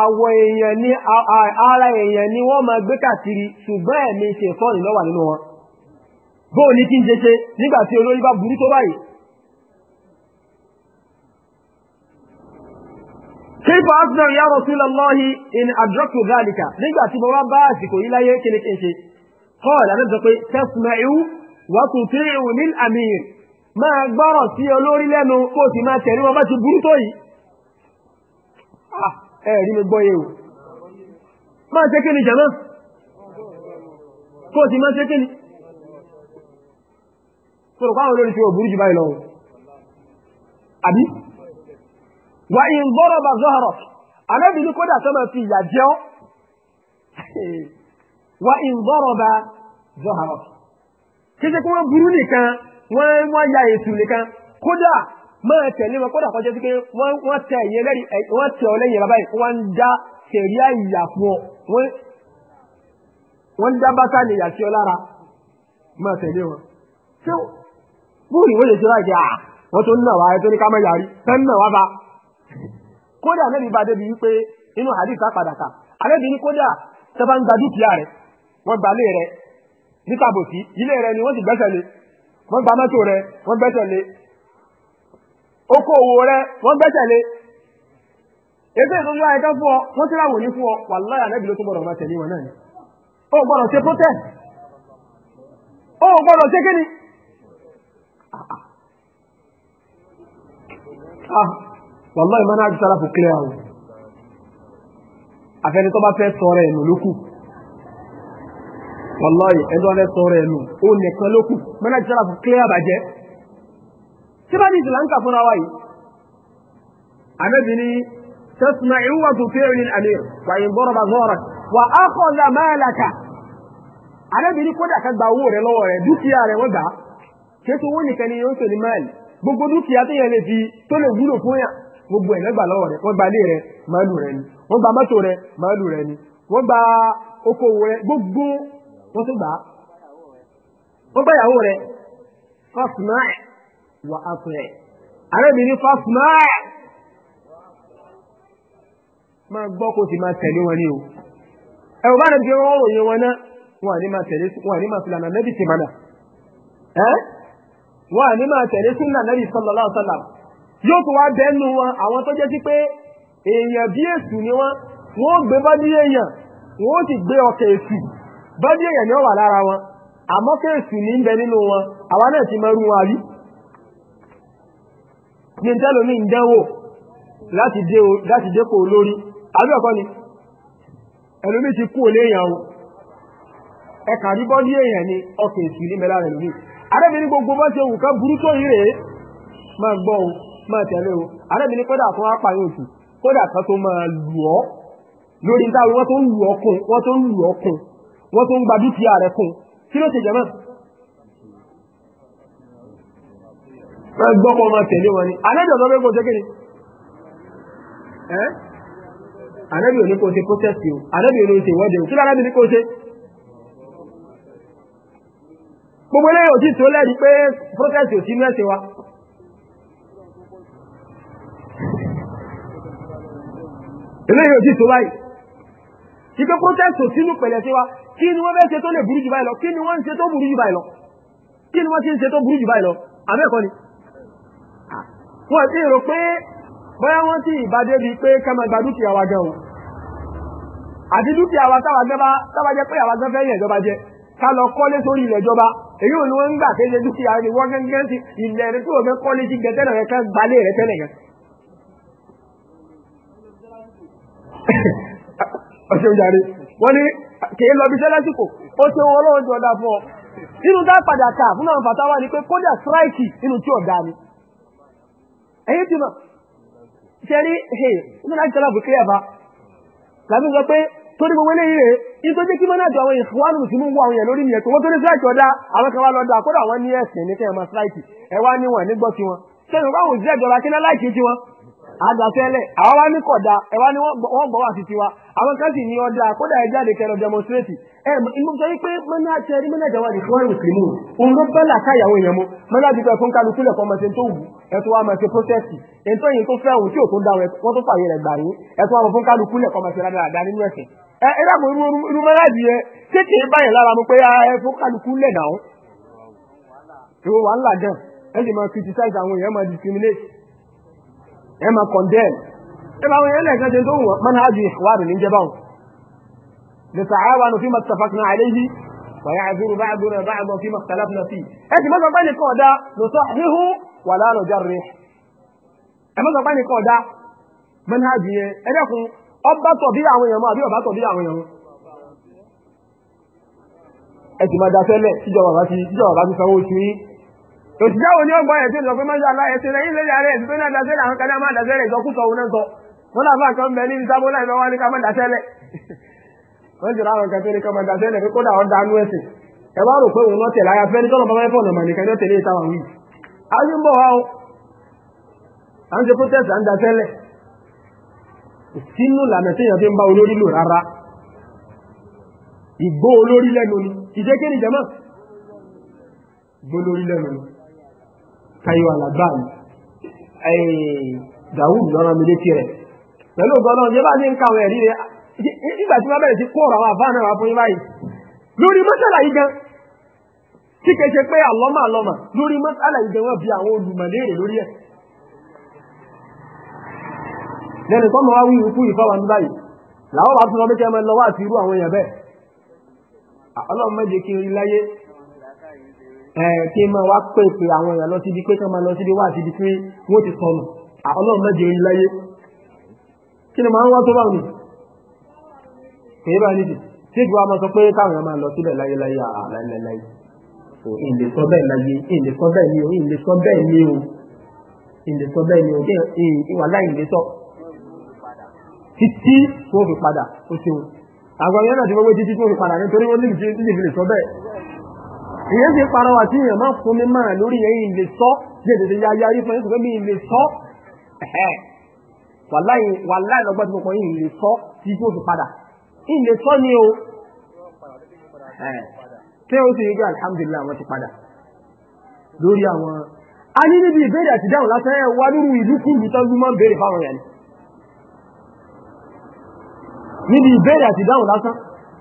àwọ̀ èèyàn ni ara èèyàn ni wọ́n máa gbé kàkiri ṣùgbọ́n ẹ̀mí ṣe ìtọ́ni lọ́wà nínú wọn bó ní kí n jẹ ṣe nígbà tí olórí bá burú tó báyìí kífà asnà ya Rasulullah in adraktu dhalika nígbà tí mo bá bá àsìkò yìí láyé kí ni kí n ṣe kọ́ọ̀ lànà sọ pé tasma'u wa tuti'u lil amir máa gbọ́rọ̀ sí olórí lẹ́nu kó o sì máa tẹ̀lé wọn bá ẹ̀rí mi gbọ́ yẹ o máa ṣe kíni jẹ̀mọ́ kó o sì máa ṣe kíni sọ̀rọ̀ káwọn olórin ṣe òbúrú jù báyìí lọ àbí wà ń gbọ́rọ̀ bá zọ́hárọ̀ àrẹ́bì ní kódà tó máa fi ìyà jẹ́ ọ́ wà ń gbọ́rọ̀ bá zọ́hárọ̀ kí ṣe kí wọ́n burú nìkan wọ́n ya ètù nìkan kódà máa tẹ̀lé wọn kódà kọjá sí pé wọ́n tẹ ẹ̀yìn wọ́n tẹ ọ lẹ́yìn bàbá yìí wọ́n ń dá tẹ̀rí àyà fún ọ wọ́n ń dá bàtà lè yà sí ọ lára máa tẹ̀lé wọn. ṣé fún ìwé lè ṣe láì ṣe wọ́n tó ń nà wá ẹ tó ní ká má yàrí fẹ́ ń nà wá bá. kódà nẹ́bí bá débi wípé inú hadith padà ká àlẹ́bí ní kódà sábà ń gba dúkìá rẹ̀ wọ́n gba ilé rẹ̀ níkàbòsí ilé rẹ̀ ni wọ́n sì gbẹ́sẹ̀ lé wọ́n gba mọ́tò rẹ̀ wọ́n gbẹ́sẹ̀ lé oko òwò rẹ wọ́n gbẹ́sẹ̀lé ètò ìtọ́jú ayẹta fún ọ wọ́n tí ráwò ní fún ọ wà láyà lẹ́bí ló tó gbọ́dọ̀ máa tẹ̀lé wọn náà ni ó gbọ́dọ̀ ṣe protest ó gbọ́dọ̀ ṣe kíni wàlọ́ ìmọ̀nà àti sára fún clear àwọn àfẹni tó bá fẹ́ sọ̀rọ̀ ẹ̀nu ló kù wàlọ́ ẹ̀dọ́ fẹ́ sọ̀rọ̀ ẹ̀nu ó nìkan ló kù mọ̀nà àti sára fún clear bàjẹ́ tí bá ní ìsìlá ń kà fúnra wa yìí àbẹ́bí ní tẹ́sùmá ìwà tó fẹ́rẹ̀ ní àmì wàyí bọ́rọ̀ bá zọ́ọ̀rọ̀ wà á kọ́ ọ̀dà máa làkà àbẹ́bí ní kódà ká gba owó rẹ lọ́wọ́ rẹ dúkìá rẹ wọ́n gbà kéṣe owó nìkan ni yóò sọ̀rọ̀ máàlì gbogbo dúkìá tó yẹ lè fi tó lè wúlò fún yà gbogbo ẹ̀ lẹ́gbà wọ́n gbà wà á arábìnrin fásumá máa gbọ́ kó sì máa tẹ̀lé wọn ní o ẹ ò bá rẹ̀ bí wọ́n ròyìn wọn náà wọn à ní máa tẹ̀lé wọn à ní máa filànà lẹ́bi tì mánà ẹ́ wọn à ní máa tẹ̀lé súnà lẹ́bi sallallahu alaihi wasallam yóò tún wá bẹ́ẹ̀nu wọn àwọn tó jẹ́ sí pé èèyàn bí èsù ni wọn wọn ó gbé bá ní èèyàn wọn ó sì gbé ọkọ̀ èsù bá ní èèyàn ni ó wà lára wọn àmọ́ kéèsù ní ń bẹ nínú wọn àwa náà ti mọ irú wọn àbí ní tẹ́lómi ń dẹ́wò láti dépò olórí àbí ọ̀kọ́ ni ẹlòmí ti kú olé èèyàn o ẹ̀kà rí bọ́dí èèyàn ni ọkẹ̀ èsì ní mẹ́lá rẹ̀ lómi arẹ́bìnrin gbogbo bá ṣe nǹkan burú tó yìí rèé máa gbọ́ o máa tẹ̀lé o arẹ́bìnrin kódà fún apààyàn òtù kódà kan tó máa lù ọ́ lórí táwọn wọ́n tó ń lù ọ́ kún wọ́n tó ń lù ọ́ kún wọ́n tó ń gba dúkìá rẹ̀ kún kí ló ṣe jẹ́ náà gbọ́kọ̀ máa tẹ̀lé wọn ni anẹ́bì ọ̀dọ́ bẹ́ẹ̀ kó ṣe kí ni anẹ́bì ò ní kó ṣe protest o anẹ́bì ò ní ṣe ìwọ́de o kí lára bí ní kó ṣe gbogbo eléyìí ò tó lẹ́rìí pé protest ò sí mẹ́sẹ̀ wa eléyìí ò tí tó báyìí kí pé protest ò sínú pẹ̀lẹ́ sí wa kí ni wọ́n fẹ́ ṣe tó lè burú jù báyìí lọ kí ni wọ́n ń ṣe tó burú jù báyìí lọ kí ni wọ́n ti ń ṣe tó burú jù báyìí lọ àbẹ́ẹ̀kọ́ ni wọ́n ti rò pé bóyá wọ́n ti ìbàdé bíi pé ká máa gba dúkìá wa gan o àti dúkìá wa táwa gbẹ́ bá táwa jẹ́ pé àwa gbẹ́ fẹ́ yẹn ìjọba jẹ ká lọ kọ́lé sórí ilẹ̀ ìjọba èyí ò ní wọ́n ń gbà kéde dúkìá rẹ̀ wọ́n gẹ́gẹ́ ti ilẹ̀ rẹ̀ tó o fẹ́ kọ́lé sí gẹ́tẹ́lẹ̀ rẹ̀ ká gbalé rẹ̀ tẹ́lẹ̀ yẹn. ọ̀sẹ̀ ìjàre wọ́n ní kì í lọ bí ó ṣe wọn ọlọ́run ti ọ̀dà fún ọ. nínú tá a padà kà fún àwọn fàtàwà ni pé kódà síráìkì nínú tí ọ̀dà ni ẹ̀yẹ́ ti mọ̀ ṣẹ́rí inú láti tọ́lá bùkẹ́ ẹ̀bá làbí sọ pé tó ní gbogbo eléyìí rẹ̀ yìí tó jẹ́ kí mọ́nà àjọ àwọn èèyàn wà lùsí mú wà àwọn èèyàn lórí nìyẹn pé wọ́n tó ní síláìtì ọ̀dá àwọn kan wá lọ dá kódà àwọn ní ẹ̀sìn ní kẹ́yàn máa síláìtì ẹ̀ wá níwọ̀n nígbọ́ tiwọn ṣé ìrọ̀bá òun jẹ́ ìjọba kí náà láìkì tiwọn àdàsẹ́lẹ̀ àwọn wa ní kọ̀dá ẹ wá ní wọ́n gbọ́ wà sí tiwa àwọn kan sì ní ọ̀dà kódà ẹ jáde kẹrọ demonstrate ẹ inú sọ pé mọ́nà àti ẹni mọ́nà àjàwà nìkan ẹ̀rù sí mú un ló bẹ́là káyàwó èèyàn mú mọ́nà àti pé fún kálukú lẹ̀kọ́ ọmọ ṣe tó wù ẹ tó wá máa ṣe protest ẹ tó yìí tó fẹ́ òun tí ò tó dá wọn tó fàyè rẹ̀ gbà yín ẹ tó wá fún kálukú lẹ̀kọ́ ọmọ ṣe rádàrà nínú ẹ̀sìn ẹ ẹ dàgbò irú mọ́nà àti yẹ ṣé kì í báyìí lára mu pé ẹ fún kálukú lẹ̀ náà ìwọ wàhálà gan ẹ sì máa criticize àwọn èèyàn máa discriminate ẹ máa condemn ẹ bá wọn ẹlẹ́ẹ̀kan ṣe tó wọ́n mọ́nà ájú ìwádìí ní jẹba wọn lè sàárà nù fíma tafakna àléyí wàyà àdúrú bá àdúrú bá àgbọn fíma tàlàfínà sí ẹ sì mọ́sọ̀ pẹ́ni kan ọ̀dá ló sọ híhú wà lánà járe ẹ mọ́sọ̀ pẹ́ni kan ọ̀dá mọ́nà ájú yẹn ẹ dẹ́kun ọba tọ̀ bí àwọn èèyàn mọ́ àbí ọba tọ̀ bí àwọn èèyàn ẹ sì máa da fẹ́lẹ̀ tíjọba bá ti sanwó sí òṣìṣẹ́ wo ni ó gbọ́ ẹ̀sìn ìlọ́pẹ́ mọ́ṣá aláyẹ̀ ṣe lẹ́yìn lórí ara ẹ̀sìn tó ní àdásẹ́ àwọn kan náà máa dásẹ́ rẹ̀ ìsọkúsọ òun náà sọ wọn làbá kan bẹ ní ìsábó láì lọ́wọ́ ní ká máa dásẹ́ lẹ̀ wọ́n jùlọ àwọn kan tó ní ká máa dásẹ́ lẹ̀ pé kódà ọ̀ dánú ẹ̀sìn ẹ bá rò pé òun lọ́tẹ̀ láyà fẹ́ ní tọ́lọ́ bá fẹ́ fọ̀nà mà nìkan ló tẹ̀lé ìtawà wí. ayé ń bọ̀ wá o à ń ṣe protest à ń dásẹ́ lẹ̀ sínú lànà téèyàn fi ń bá olórí lò rárá ìgbó olórí lẹ́nu ni ìṣe kéde jẹ́mọ́ gbó olórí lẹ́nu ni tayo alagbaani ẹẹ dawud lọ́nà mi létí rẹ̀ pẹ̀lú gbọ́dọ̀ ní bá ti ń kàwé ẹ̀rí rẹ̀ nígbà tí wọ́n bẹ̀rẹ̀ sí kóòrò àwọn àbá náà wà fún yín báyìí lórí mọ́sálà yìí gan tí kìí ṣe pé àlọ́mà àlọ́mà lórí mọ́sálà yìí gan wọ́n bi àwọn olùmọ̀léèrè lórí ẹ̀ lẹ́nu tó máa wí ikú ìfọwọ́ ní báyìí làwọn bá tún lọ bí kẹ́ mọ́ lọ́wọ́ àti irú àwọn èèyàn bẹ́ẹ̀ ọlọ́run mẹ́jẹ kí n rí láyé kí máa wá pè pé àwọn èèyàn lọ síbi pé kí wọ́n máa lọ síbi wá síbi pé wọ́n ti sọnù ọlọ́run mẹ́jọ yìí láyé kí ni máa ń wá tó bá wọn kìí bá nídìí tí ìgbà máa sọ pé káwọn èèyàn máa lọ síbẹ̀ láyé láyé àláyé láyé o ìlè sọ bẹ́ẹ̀ láyé ìlè sọ bẹ́ẹ̀ ni o ìlè sọ bẹ́ẹ̀ ni o ìlè sọ bẹ́ẹ̀ ni o kí ìwà láì lè sọ títí tó fi padà ó ṣeun àgbà yẹn náà ti fọwọ́ títí tó fi padà nítorí wọ́n níbi tí níbi lè sọ bẹ́ẹ̀ èyàn ti parọ́ àti èyàn máa fún mi máa lórí ẹ̀yìn lè sọ jẹ́ tètè ya yarí fún ẹ̀yìn sọ̀rọ̀ mi lè sọ wàláì wàláì lọ́gbọ́n tí mo kàn yìí lè sọ tí tó fi padà yìí lè sọ ni o tí ó sì yíga alhamdulilayi àwọn ti padà lórí àwọn. a ní níbi ìbéèrè àti dáhùn lásán ẹ̀ wá nínú ìlú kúndùn tó lú máa ń béèrè fáwọn yẹn níbi ìbéèrè àti dáhùn lásán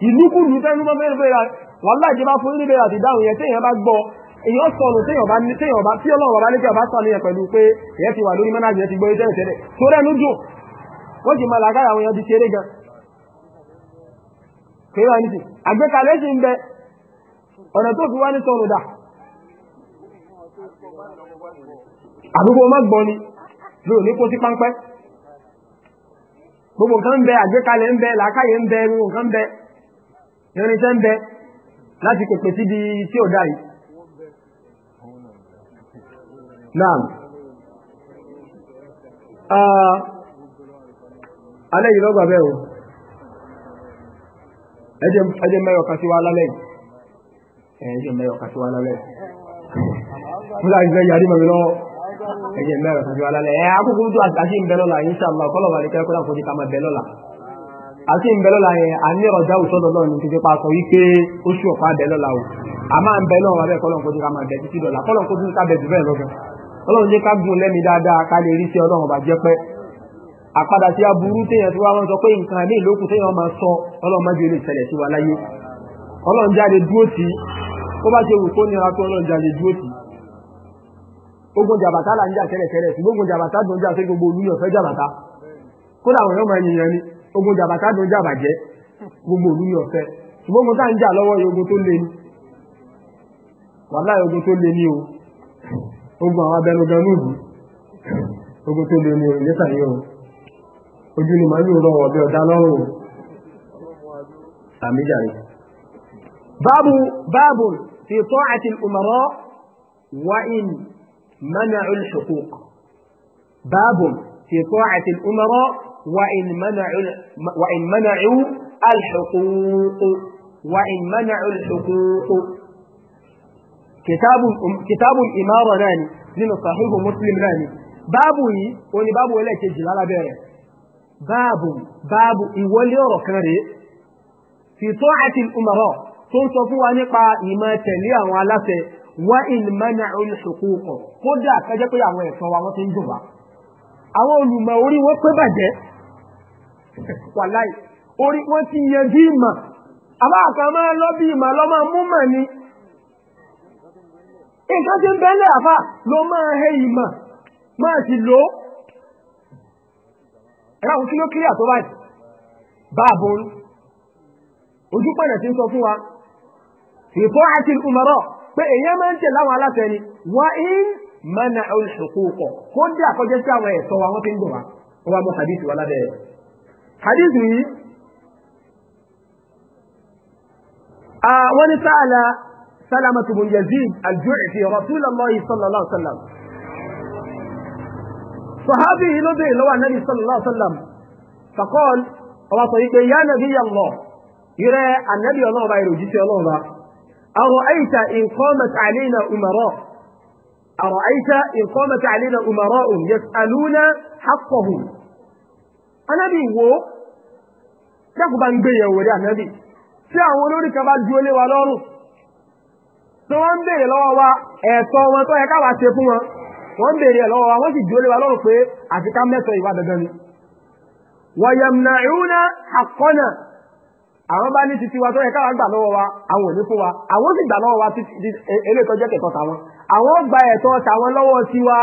ìlú kúndùn tó lú máa ń béèrè wàhálà ìjọba fún nílé àti ìdáhùn yẹn téèyàn bá gbọ́ èyàn sọnù téèyàn bá ní téèyàn tí ọlọ́run bàbá ọba sànù yẹn pẹ̀lú pé èyàn ti wà lórí mẹ́nájì yẹn ti gbọ́ tẹ́lẹ̀ tẹ́lẹ̀ tó rẹ́nu dùn wọ́n sì máa làákàyà àwọn èèyàn ti ṣeré gan kí wọ́n ti àgbékalẹ̀ ń bẹ ọ̀nà tó fi wá ní sọnù dà àdúgbò gbogbo nǹkan ń bẹ àgbékalẹ̀ ń bẹ gbogbo nǹkan ń bẹ irinṣẹ́ ń láti pèpè síbi tí ò dá yìí. Naam. Alẹ́ yìí lọ́gbà bẹ́ẹ̀ o. Ẹjẹ́ mẹ́yọ̀ kà sí wa lálẹ́ yìí. Ẹjẹ́ mẹ́yọ̀ kà sí wa lálẹ́ yìí. Fúlà ìfẹ́ yàrá ìmọ̀ mi lọ́wọ́. Ẹjẹ́ mẹ́yọ̀ kà sí wa lálẹ́ yìí. Ẹ akókò ojú àti àṣìǹbẹ́ lọ́la, insha Allah, kọ́lọ̀ wà ní kẹ́kọ́ àti ìbẹ̀lọ́la yẹn a ní ọ̀rọ̀ jáwù sọ́dọ̀ lọ́wọ́ ní títí pa sọ wípé oṣù ọ̀pá bẹ̀lọ́la o a máa ń bẹ̀lọ́ wà bẹ́ẹ̀ kọ́lọ́n kó ti ká máa bẹ̀ títí lọ́la kọ́lọ́n kó ti ká bẹ̀ jù bẹ́ẹ̀ lọ́gàn ọlọ́run ká gùn lẹ́mi dáadáa ká lè rí sí ọlọ́run ọba jẹ́ pẹ́ àpadà sí aburú téèyàn tí sọ pé nǹkan ní ìlókù téèyàn máa ogun jàbàtà dùn jàbàjẹ́ gbogbo òlu ní ọ̀fẹ́ ṣùgbọ́n mo tá ń jà lọ́wọ́ yìí ogun tó le ni wàláyé ogun tó le ni o ogun àwọn abẹnugan lùdù ogun tó le ni o ìlẹ́sà yìí o ojú ni màálù rọ ọ̀bẹ ọ̀dá lọ́rùn àmì jàre. báàbù báàbù fi ta'ati al-umara wa in mana'u al báàbù fi ta'ati al-umara. وإن منعوا وإن منعوا الحقوق وإن منعوا الحقوق كتاب كتاب الإمارة ناني لنا صحيح مسلم ناني بابو وني بابو ولا تجي على بيره باب باب يولي ركري في طاعة الأمراء تنصفوا عن إما تليا وعلى وإن منعوا الحقوق قد كجاكو يا وين فوا وتنجوا àwọn olùmọ̀ orí wọn pé wàláì orí wọn ti yanjú ìmọ̀ àbá kan máa lọ bí ìmọ̀ lọ́mọ múmọ̀ ni nǹkan ti ń bẹ́lẹ̀ àfà ló máa he ìmọ̀ máa sì lò ó ẹ̀rọ àwọn kíló kílíà tó báyìí báàbò ojú pọ̀nà ti ń sọ fún wa ìfọ́ àti ìkùmọ̀rọ̀ pé èèyàn máa ń tẹ̀ láwọn aláṣẹ ni wá in mana olùsòkò kọ̀ kó dé àkọjẹ́ sí àwọn ẹ̀tọ́ wa wọ́n ti ń gbọ̀ wá wọ́n wá mọ́ hadith wa lábẹ́ hadith yìí wọ́n ní sáàlà sálámàtù bun yazid al-ju'fi rasulullahi sallallahu alaihi wasallam sahabi yìí ló béèrè lọ́wọ́ anabi sallallahu alaihi wasallam faqal ọba sọ wípé ya nabiyallah yìrẹ anabi ọlọ́ọ̀ba yìí òjíṣẹ́ ọlọ́ọ̀ba أرأيت إن قامت علينا أمراء أرأيت إن قامت علينا أمراء يسألون حقهم anábì wo dákùbá ń gbé yẹ̀wò rí anábì tí àwọn olórí kan bá ju olé wa lọ́rùn tí wọ́n ń béèrè lọ́wọ́ wa ẹ̀tọ́ wọn tó yẹ káwa ṣe fún wọn wọ́n béèrè ẹ̀ lọ́wọ́ wa wọ́n sì ju olé wa lọ́rùn pé àfi ká mẹ́sàn ìwà dandan ni. wọ̀yẹ̀mùnàìúnà àkọ́nà àwọn bá ní titi wa tó yẹ káwa gbà lọ́wọ́ wa àwọn ò ní fún wa àwọn sì gbà lọ́wọ́ wa eléyìí tó jẹ́ kẹ̀tọ́ tàwọn àwọn gba ẹ̀tọ́ tàwọn lọ́wọ́ tiwa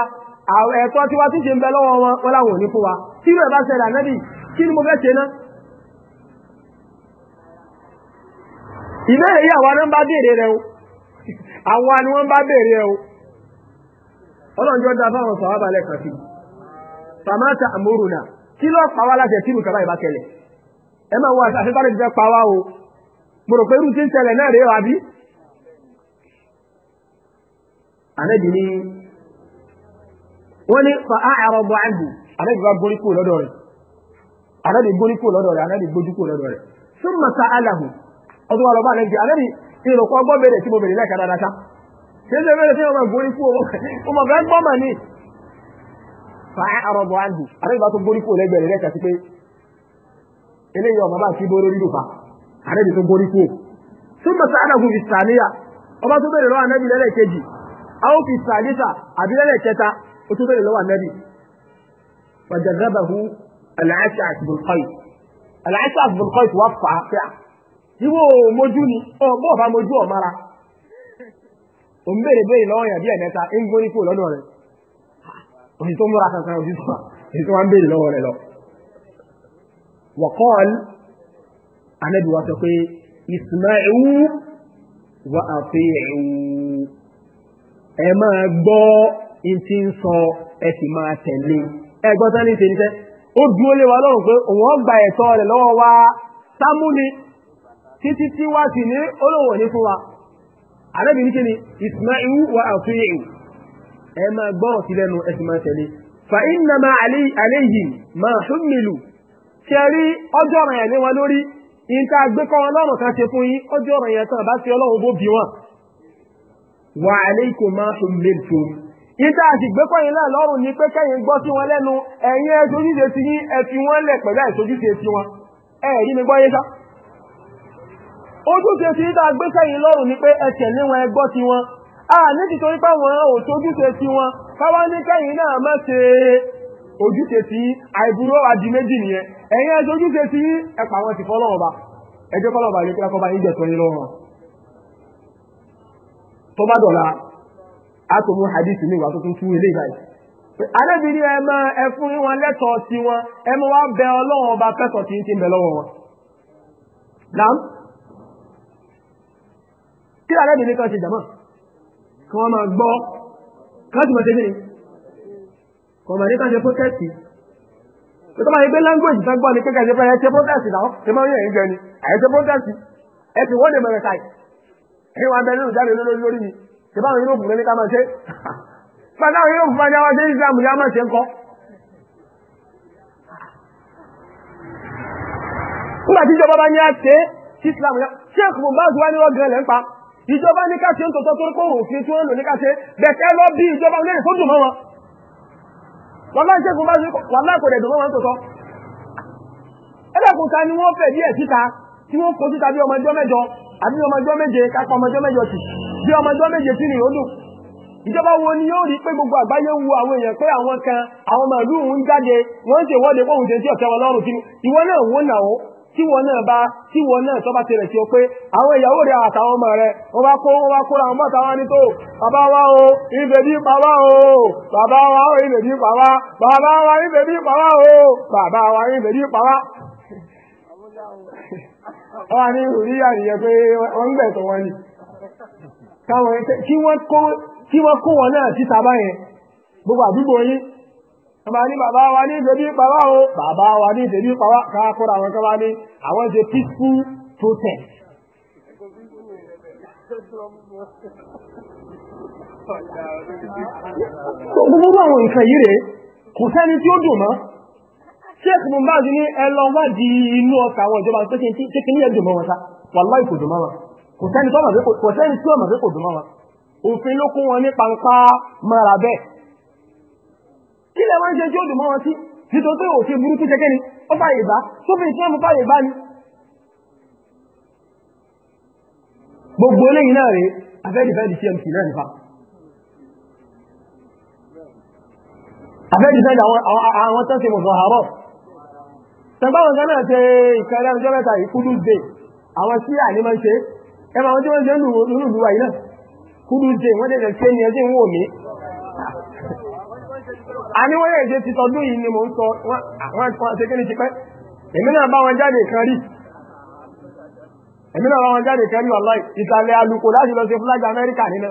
àwọn ẹ̀tọ́ tí wá tí ṣe ń bẹ lọ́wọ́ wọn wọ́n láwọn ò ní fún wa tí irú ẹ̀ bá ṣẹlẹ̀ ànábì kí ni mo fẹ́ ṣe náà ìbéèrè yìí àwa náà ń bá béèrè rẹ o àwa ni wọ́n ń bá béèrè rẹ o ọlọ́njọ́ da fáwọn sàwábà lẹ́ẹ̀kan sí sàmáta àmórùnà kí ló pa wá láṣẹ tí nìkan báyìí bá ẹ máa wọ àṣetánì ti fẹ́ pa wá o mo rò pé irú tí ń tẹ̀lẹ̀ náà rèé o àbí ànábì ni wọ́n ní fa àárọ̀ bọ̀ àgbò ànábì bá gbórí kúrò lọ́dọ̀ rẹ̀ ànábì gbórí kúrò lọ́dọ̀ rẹ̀ ànábì gbójú kúrò lọ́dọ̀ rẹ̀ fún masa alahu ọdún wa lọ́ba ànábì ànábì ìrọ̀kọ́ ọgbọ́n bẹ̀rẹ̀ tí mo bẹ̀rẹ̀ lẹ́ẹ̀kan dáadáa sá ṣé ṣe bẹ̀rẹ̀ tí mo máa gbórí kúrò mo máa fẹ́ gbọ́ mà ní. fa àárọ̀ bọ̀ àgbò ànábì bá tó gbórí kúrò lẹ́gbẹ̀rẹ̀ lẹ́ẹ̀kan sí pé eléyìí ọmọ bá ti bóró nínú fa ànábì tó gbórí kúrò fún masa alahu fi sàníyà ọba tó bẹ̀rẹ̀ lọ́wọ́ ànábì lẹ́lẹ́kejì àwọn fi sàníyà àbí lẹ́lẹ́kẹta ó tún bẹ̀rẹ̀ lọ́wọ́ ànábì fàjàgábàhù aláṣà àtìbùkọ́ì aláṣà àtìbùkọ́ì wà fà á fẹ́ à ah, ìwọ mojú ni bọ́ọ̀ bá mojú ọ̀ mara ò ń bèrè bèrè lọ́wọ́ yàn bí ẹ̀mẹ́ta ń gbóni kúrò lọ́dọ̀ rẹ̀ ah, òsì tó múra kankan òsì tó òsì tó wá ń bèrè lọ́wọ́ rẹ̀ lọ. wọ́kọ́ọ̀lù ànábì wa sọ pé ìsìnmáìwú wà á fi ẹ̀wù ẹ̀ máa gbọ́ ntí ń sọ ẹ sì máa tẹ̀lé ẹ gbọ́ sẹ́ni ṣe níṣẹ́ ó dúró lé wa lọ́rùn pé òun ọgbà ẹ̀tọ́ rẹ̀ lọ́wọ́ wa sámú ni títí tí wá sì ní olówó ní fún wa ní kí ni isma'u wa àfihàn ẹ máa gbọ́rọ̀ lẹ́nu ẹ sì máa tẹ̀lé fa ma alayhi ma hummilu ṣe rí ọjọ́ ọ̀ràn yẹn wọn lórí tá a gbé kọ́ wọn lọ́rùn kan ṣe fún yín ọjọ́ ọ̀ràn yẹn tán bá fi ọlọ́run bó bí wọn ìta àṣìgbékọ̀yìn náà lọ́rùn ni pé kẹ́yìn gbọ́ sí wọn lẹ́nu ẹ̀yin ẹ̀sojúṣe sí yín ẹ fi wọ́n lẹ̀ pẹ̀lú ẹ̀sojúṣe sí wọn ẹ̀rí mi gbọ́ yé sá. ojúṣe sí ìta àgbékẹ́yìn lọ́rùn ni pé ẹ tẹ̀lé wọn ẹ gbọ́ sí wọn a ní títorí pé wọn ò tójúṣe sí wọn káwá ní kẹ́yìn náà má ṣe ojúṣe sí àìbúrò àdì méjì nìyẹn ẹ̀yin ẹ̀sojúṣe sí ẹ̀pà wọn ti fọ́ lọ́wọ́ bá ẹjọ́ kọ́lọ́ọ̀bà lè kí àtòmú hadith ní ìwà tuntun fún ilé ìbáyìí. arábìnrin ẹ máa ẹ fún wọn lẹ́tọ̀ọ́ sí wọn ẹ mú wá bẹ ọlọ́run ọba kẹsàn tí ń ti ń bẹ lọ́wọ́ wọn. dàm kí arábìnrin kan ṣe jàmọ́ kí wọ́n máa gbọ́ kí wọ́n ti máa ṣe kí ni kọ̀mọ̀dé kan ṣe protest tó bá yẹ pé language tán gbọ́ ni kékeré ṣe fẹ́ ẹ ṣe protest náà ṣe máa ń yẹ̀ ń jẹ ni ẹ ṣe protest ẹ ti wọ́n lè mẹ̀rẹ̀ káì ẹ wà bẹ́ẹ̀ nínú jáde lórí lórí mi ṣèbáwọn yúróòpù lóní ká máa ṣe pàtàkì yúróòpù bá jáwá ṣe ìsìlámù ní a máa ṣe ń kọ́. nígbà tí ìjọba bá ní àṣẹ tí ìsìlámù náà sheikh mohbad wá ní ọgàn lẹ́ ìjọba ní ká ṣe ń tọ́tọ́ tó kó òfin tí wọ́n lò ní ká ṣe bẹ̀tẹ́ lọ bí ìjọba lónìí tó mọ́ wọn. wàlá sheikh mohbad wàlá kò dẹ̀ dùn mọ́ wọn tọ̀tọ̀. ẹlẹ́kùnta ni wọ́n fẹ̀ díẹ̀ síta tí wọ́n kó síta bí ọmọ ẹjọ́ mẹ́jọ àbí ọmọ ẹjọ́ méje kápọ̀ ọmọ ẹjọ́ mẹ́jọ sì bí ọmọ ẹjọ́ méje sí ni ó dùn ìjọba wo ni yóò rí pé gbogbo àgbáyé ń wo àwọn èèyàn pé àwọn kan àwọn màálù ń jáde wọ́n ń ṣe ìwọ́de pé ṣe sí ọ̀tẹ́ wọn lọ́rùn sínú ìwọ náà wọ́n nà ó tíwọ náà bá tíwọ náà tọ́ bá tirẹ̀ sí ọ pé àwọn ìyàwó rẹ̀ àtàwọn ọmọ rẹ̀ wọ́n bá kó wọ́n bá kóra wọn bọ́ta wá ní tó bàbá wa o ibè bí pa wá o bàbá wa o ibè bí pa wá bàbá wa ibè bí pa wá o bàbá wa ibè bí pa wá. wọ́n á ní ìrírí pé wọ́n ń gbẹ̀tọ̀ wọn ni káwọn ẹ̀ kí wọ́n kó wọn náà síta báyẹn gbogbo àdúgbò yín ọba ní bàbá wa ní ìdèbí pàwá o bàbá wa ní ìdèbí pàwá káàkóra àwọn kan wá ní àwọn ṣe peaceful protest. gbogbo àwọn nǹkan yìí rèé kò sẹ́ni tí ó dùn mọ́ sheikh mumbaz ní ẹ lọ wádìí inú ọkà àwọn ìjọba pé kí ní ẹ dùn mọ́ wọn ta wàláì kò mọ́ wọn kò sẹ́ni tó mọ̀ pé kò sẹ́ni tí ò mọ̀ pé kò dùn mọ́ wọn òfin ló kún wọn ní pàǹpá mọ́ra bẹ́ẹ̀ kí lè wọ́n ń ṣe tí ó dùn mọ́ wọn sí nítorí pé òfin burúkú ṣe kéni ó fàyè bá sófin tí wọ́n mú fàyè bá ni. gbogbo eléyìí náà rèé afẹ́dìfẹ́dì CMC náà nípa afẹ́dìfẹ́dì àwọn tán ṣe mọ̀sán àárọ̀ tẹ̀gbọ́n kan náà ṣe ìkẹrẹ́ ọjọ́ mẹ́ta ìkúdú dé àwọn sí àní máa ń ṣe é ẹ máa wọn tí wọ́n ṣe ń lù nínú ìlú wa yìí náà kúrú ṣe wọ́n tẹ̀sẹ̀ ṣe ni ẹjẹ́ ń wò mí. àní wọ́n yẹ̀ ṣe ti tọdún yìí ni mò ń sọ wọ́n ṣe kéde tipẹ́ èmi náà bá wọn jáde kan rí èmi náà bá wọn jáde kan rí wàláì ìsàlẹ̀ alùpùpù láti lọ ṣe fúlágì Amẹ́ríkà nínú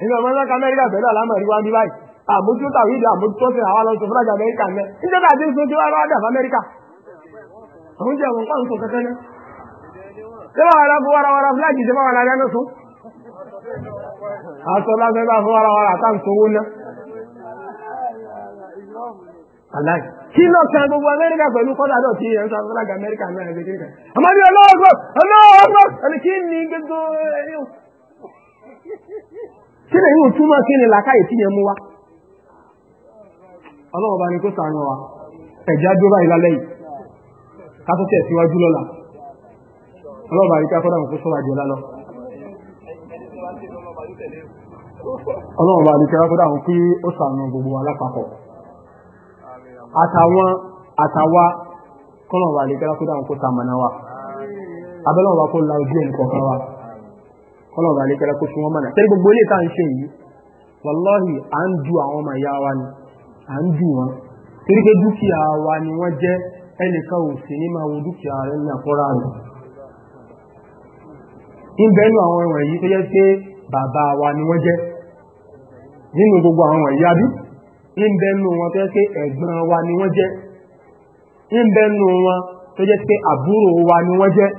nínú ọmọ náà Amẹ́ríkà pẹ̀lú àlámọ̀rí wa ní báyìí àmójútó tàwí ìdá àmójútó sí àwọn aláṣọ fúlágì Amẹ́ríkà Amẹ́ríkà àwọn sẹ́wà wàrà fún warawara fúlájì sẹ́wà wàrà dáná sùn. aṣọ lásán bá fún warawara tá n sowó ná. aláì kí ló kan gbogbo amẹ́ríkà pẹ̀lú kọ́dà náà tí ẹ̀ńsà fúlájì amẹ́ríkà náà ẹ̀ṣẹ̀ kékeré. àmọ́ ní ọlọ́ọ̀gbọ́ ọlọ́ọ̀gbọ́ ẹni kí ni gbogbo ẹ̀yọ́. kí ni yóò túmọ̀ kí ni làákàyè tí yẹn mú wa. ọlọ́wọ́ bá ní kó sàánú wa ọlọ́run bá rí ká fọ́nà fún sọ́wọ́ àjọlá lọ. ọlọ́run bá rí ká fọ́nà fún kí ó sànù gbogbo wa lápapọ̀ àtàwọn àtàwa kọ́nà bá rí ká fọ́nà fún kó sàmọ̀nà wa abẹ́lẹ́ wọn bá kó la ojú ẹnì kọ̀ọ̀kan wa kọ́nà bá rí ká kó sún wọn mọ̀nà tẹ́lẹ̀ gbogbo ilé tá à ń ṣe yìí wàláhì à ń du àwọn ọmọ ìyá wa ni à ń du wọn torí pé dúkìá wa ni wọ́n jẹ́ ẹnìkan ò sì ní máa wo dúkìá rẹ̀ ní àkọ́rá rẹ̀ ń bẹ́nu àwọn ẹ̀wọ̀n yìí tó yẹ pé bàbá wa ni wọ́n jẹ́ nínú gbogbo àwọn ẹ̀wọ̀n yìí àbí ń wọn tó yẹ ẹ̀gbọ́n wa ni wọ́n jẹ́ ń wọn tó aburo wa ni wọ́n jẹ́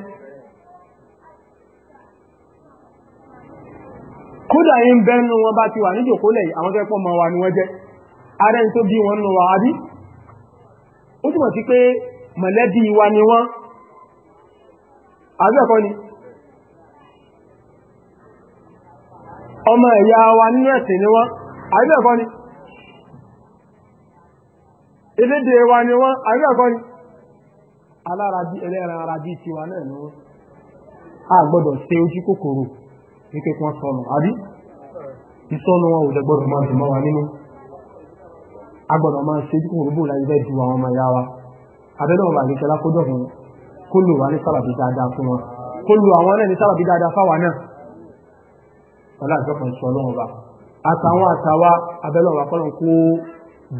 kódà wọn bá ti wà ní jòkólẹ̀ yìí àwọn tó mọ́ wa ni wọ́n jẹ́ ara ẹni tó bí wọn nù wá àbí ó sí pé mọ̀lẹ́bí wa ni wọ́n ọmọ ẹ̀yà wa nínú ẹ̀sìn ni wọ́n àìbẹ̀kọ́ ni elédè wa ni wọ́n àìbẹ̀kọ́ ni ẹlẹ́ran ara bíi tiwa náà ni wọ́n a gbọ́dọ̀ ṣe ojú kòkòrò wípé wọ́n sọnù àbí ìsọnù wọn ò lè gbọ́dọ̀ máa dùn mọ́ wa nínú a gbọ́dọ̀ máa ṣe ojú kòkòrò bò láyé bẹ́ẹ̀ ju àwọn ọmọ ẹ̀yà wa abẹ́lẹ́ ọba àdékẹ́lá kó dọ̀ fún kó lò wá ní sábàbí dáadáa fún wọn kó lò àwọn náà ní sábàbí dáadáa fáwa náà ọlá àjọpọ̀ ìṣọ́ ọlọ́run wa àtàwọn àtàwa abẹ́lẹ̀ wa kọ́lọ́n kó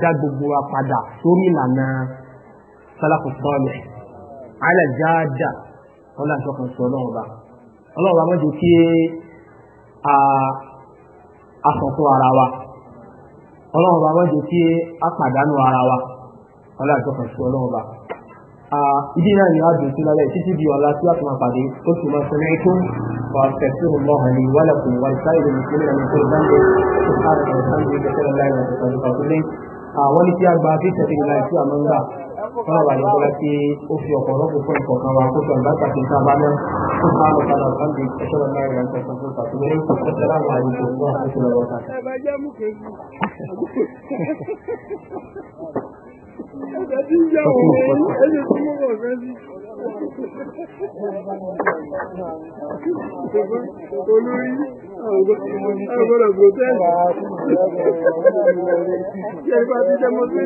dá gbogbo wa padà sórí ìlànà sálàkù sọ́ọ̀lẹ̀ alájáàjà ọlá àjọpọ̀ ìṣọ́ ọlọ́run wa ọlọ́run wa mọ́jọ kí a sọ̀tọ̀ ara wa ọlọ́run wa mọ́jọ kí a pàdánù ara wa ọlá àjọpọ̀ ìṣọ́ ọlọ́run wa ìdí náà ni a dùn sí lálẹ́ títí di ọ̀la tí a tún máa pàdé ó sì máa sọ̀rọ̀ ètò وأستغفر الله لي ولكم ولسائر المسلمين من كل ذنب سبحانك وبحمدك أشهد أن لا إله إلا أنت أستغفرك àwọn ní tí a gba bí tẹ̀sí ìlà ìtú àmọ́ ń gbà fún àwọn àyẹ̀kọ́ láti ó fi ọ̀pọ̀ ọlọ́pọ̀ fún ìkọ̀ọ̀kan wa kó sọ àgbàgbà kí n sábà náà ó bá lọ padà bá lè ṣọ́ ọ̀nà ìrìn àti ọ̀sán fún ìpàtó lórí ìpàtó láwọn àyẹ̀kọ́ náà ó ti lọ́wọ́ ta. Olórí àwọn ọgbọ́dọ̀ gbọ́dọ̀ tẹ́lẹ̀. Ṣé ìbá ti jẹ́ mọ́tò?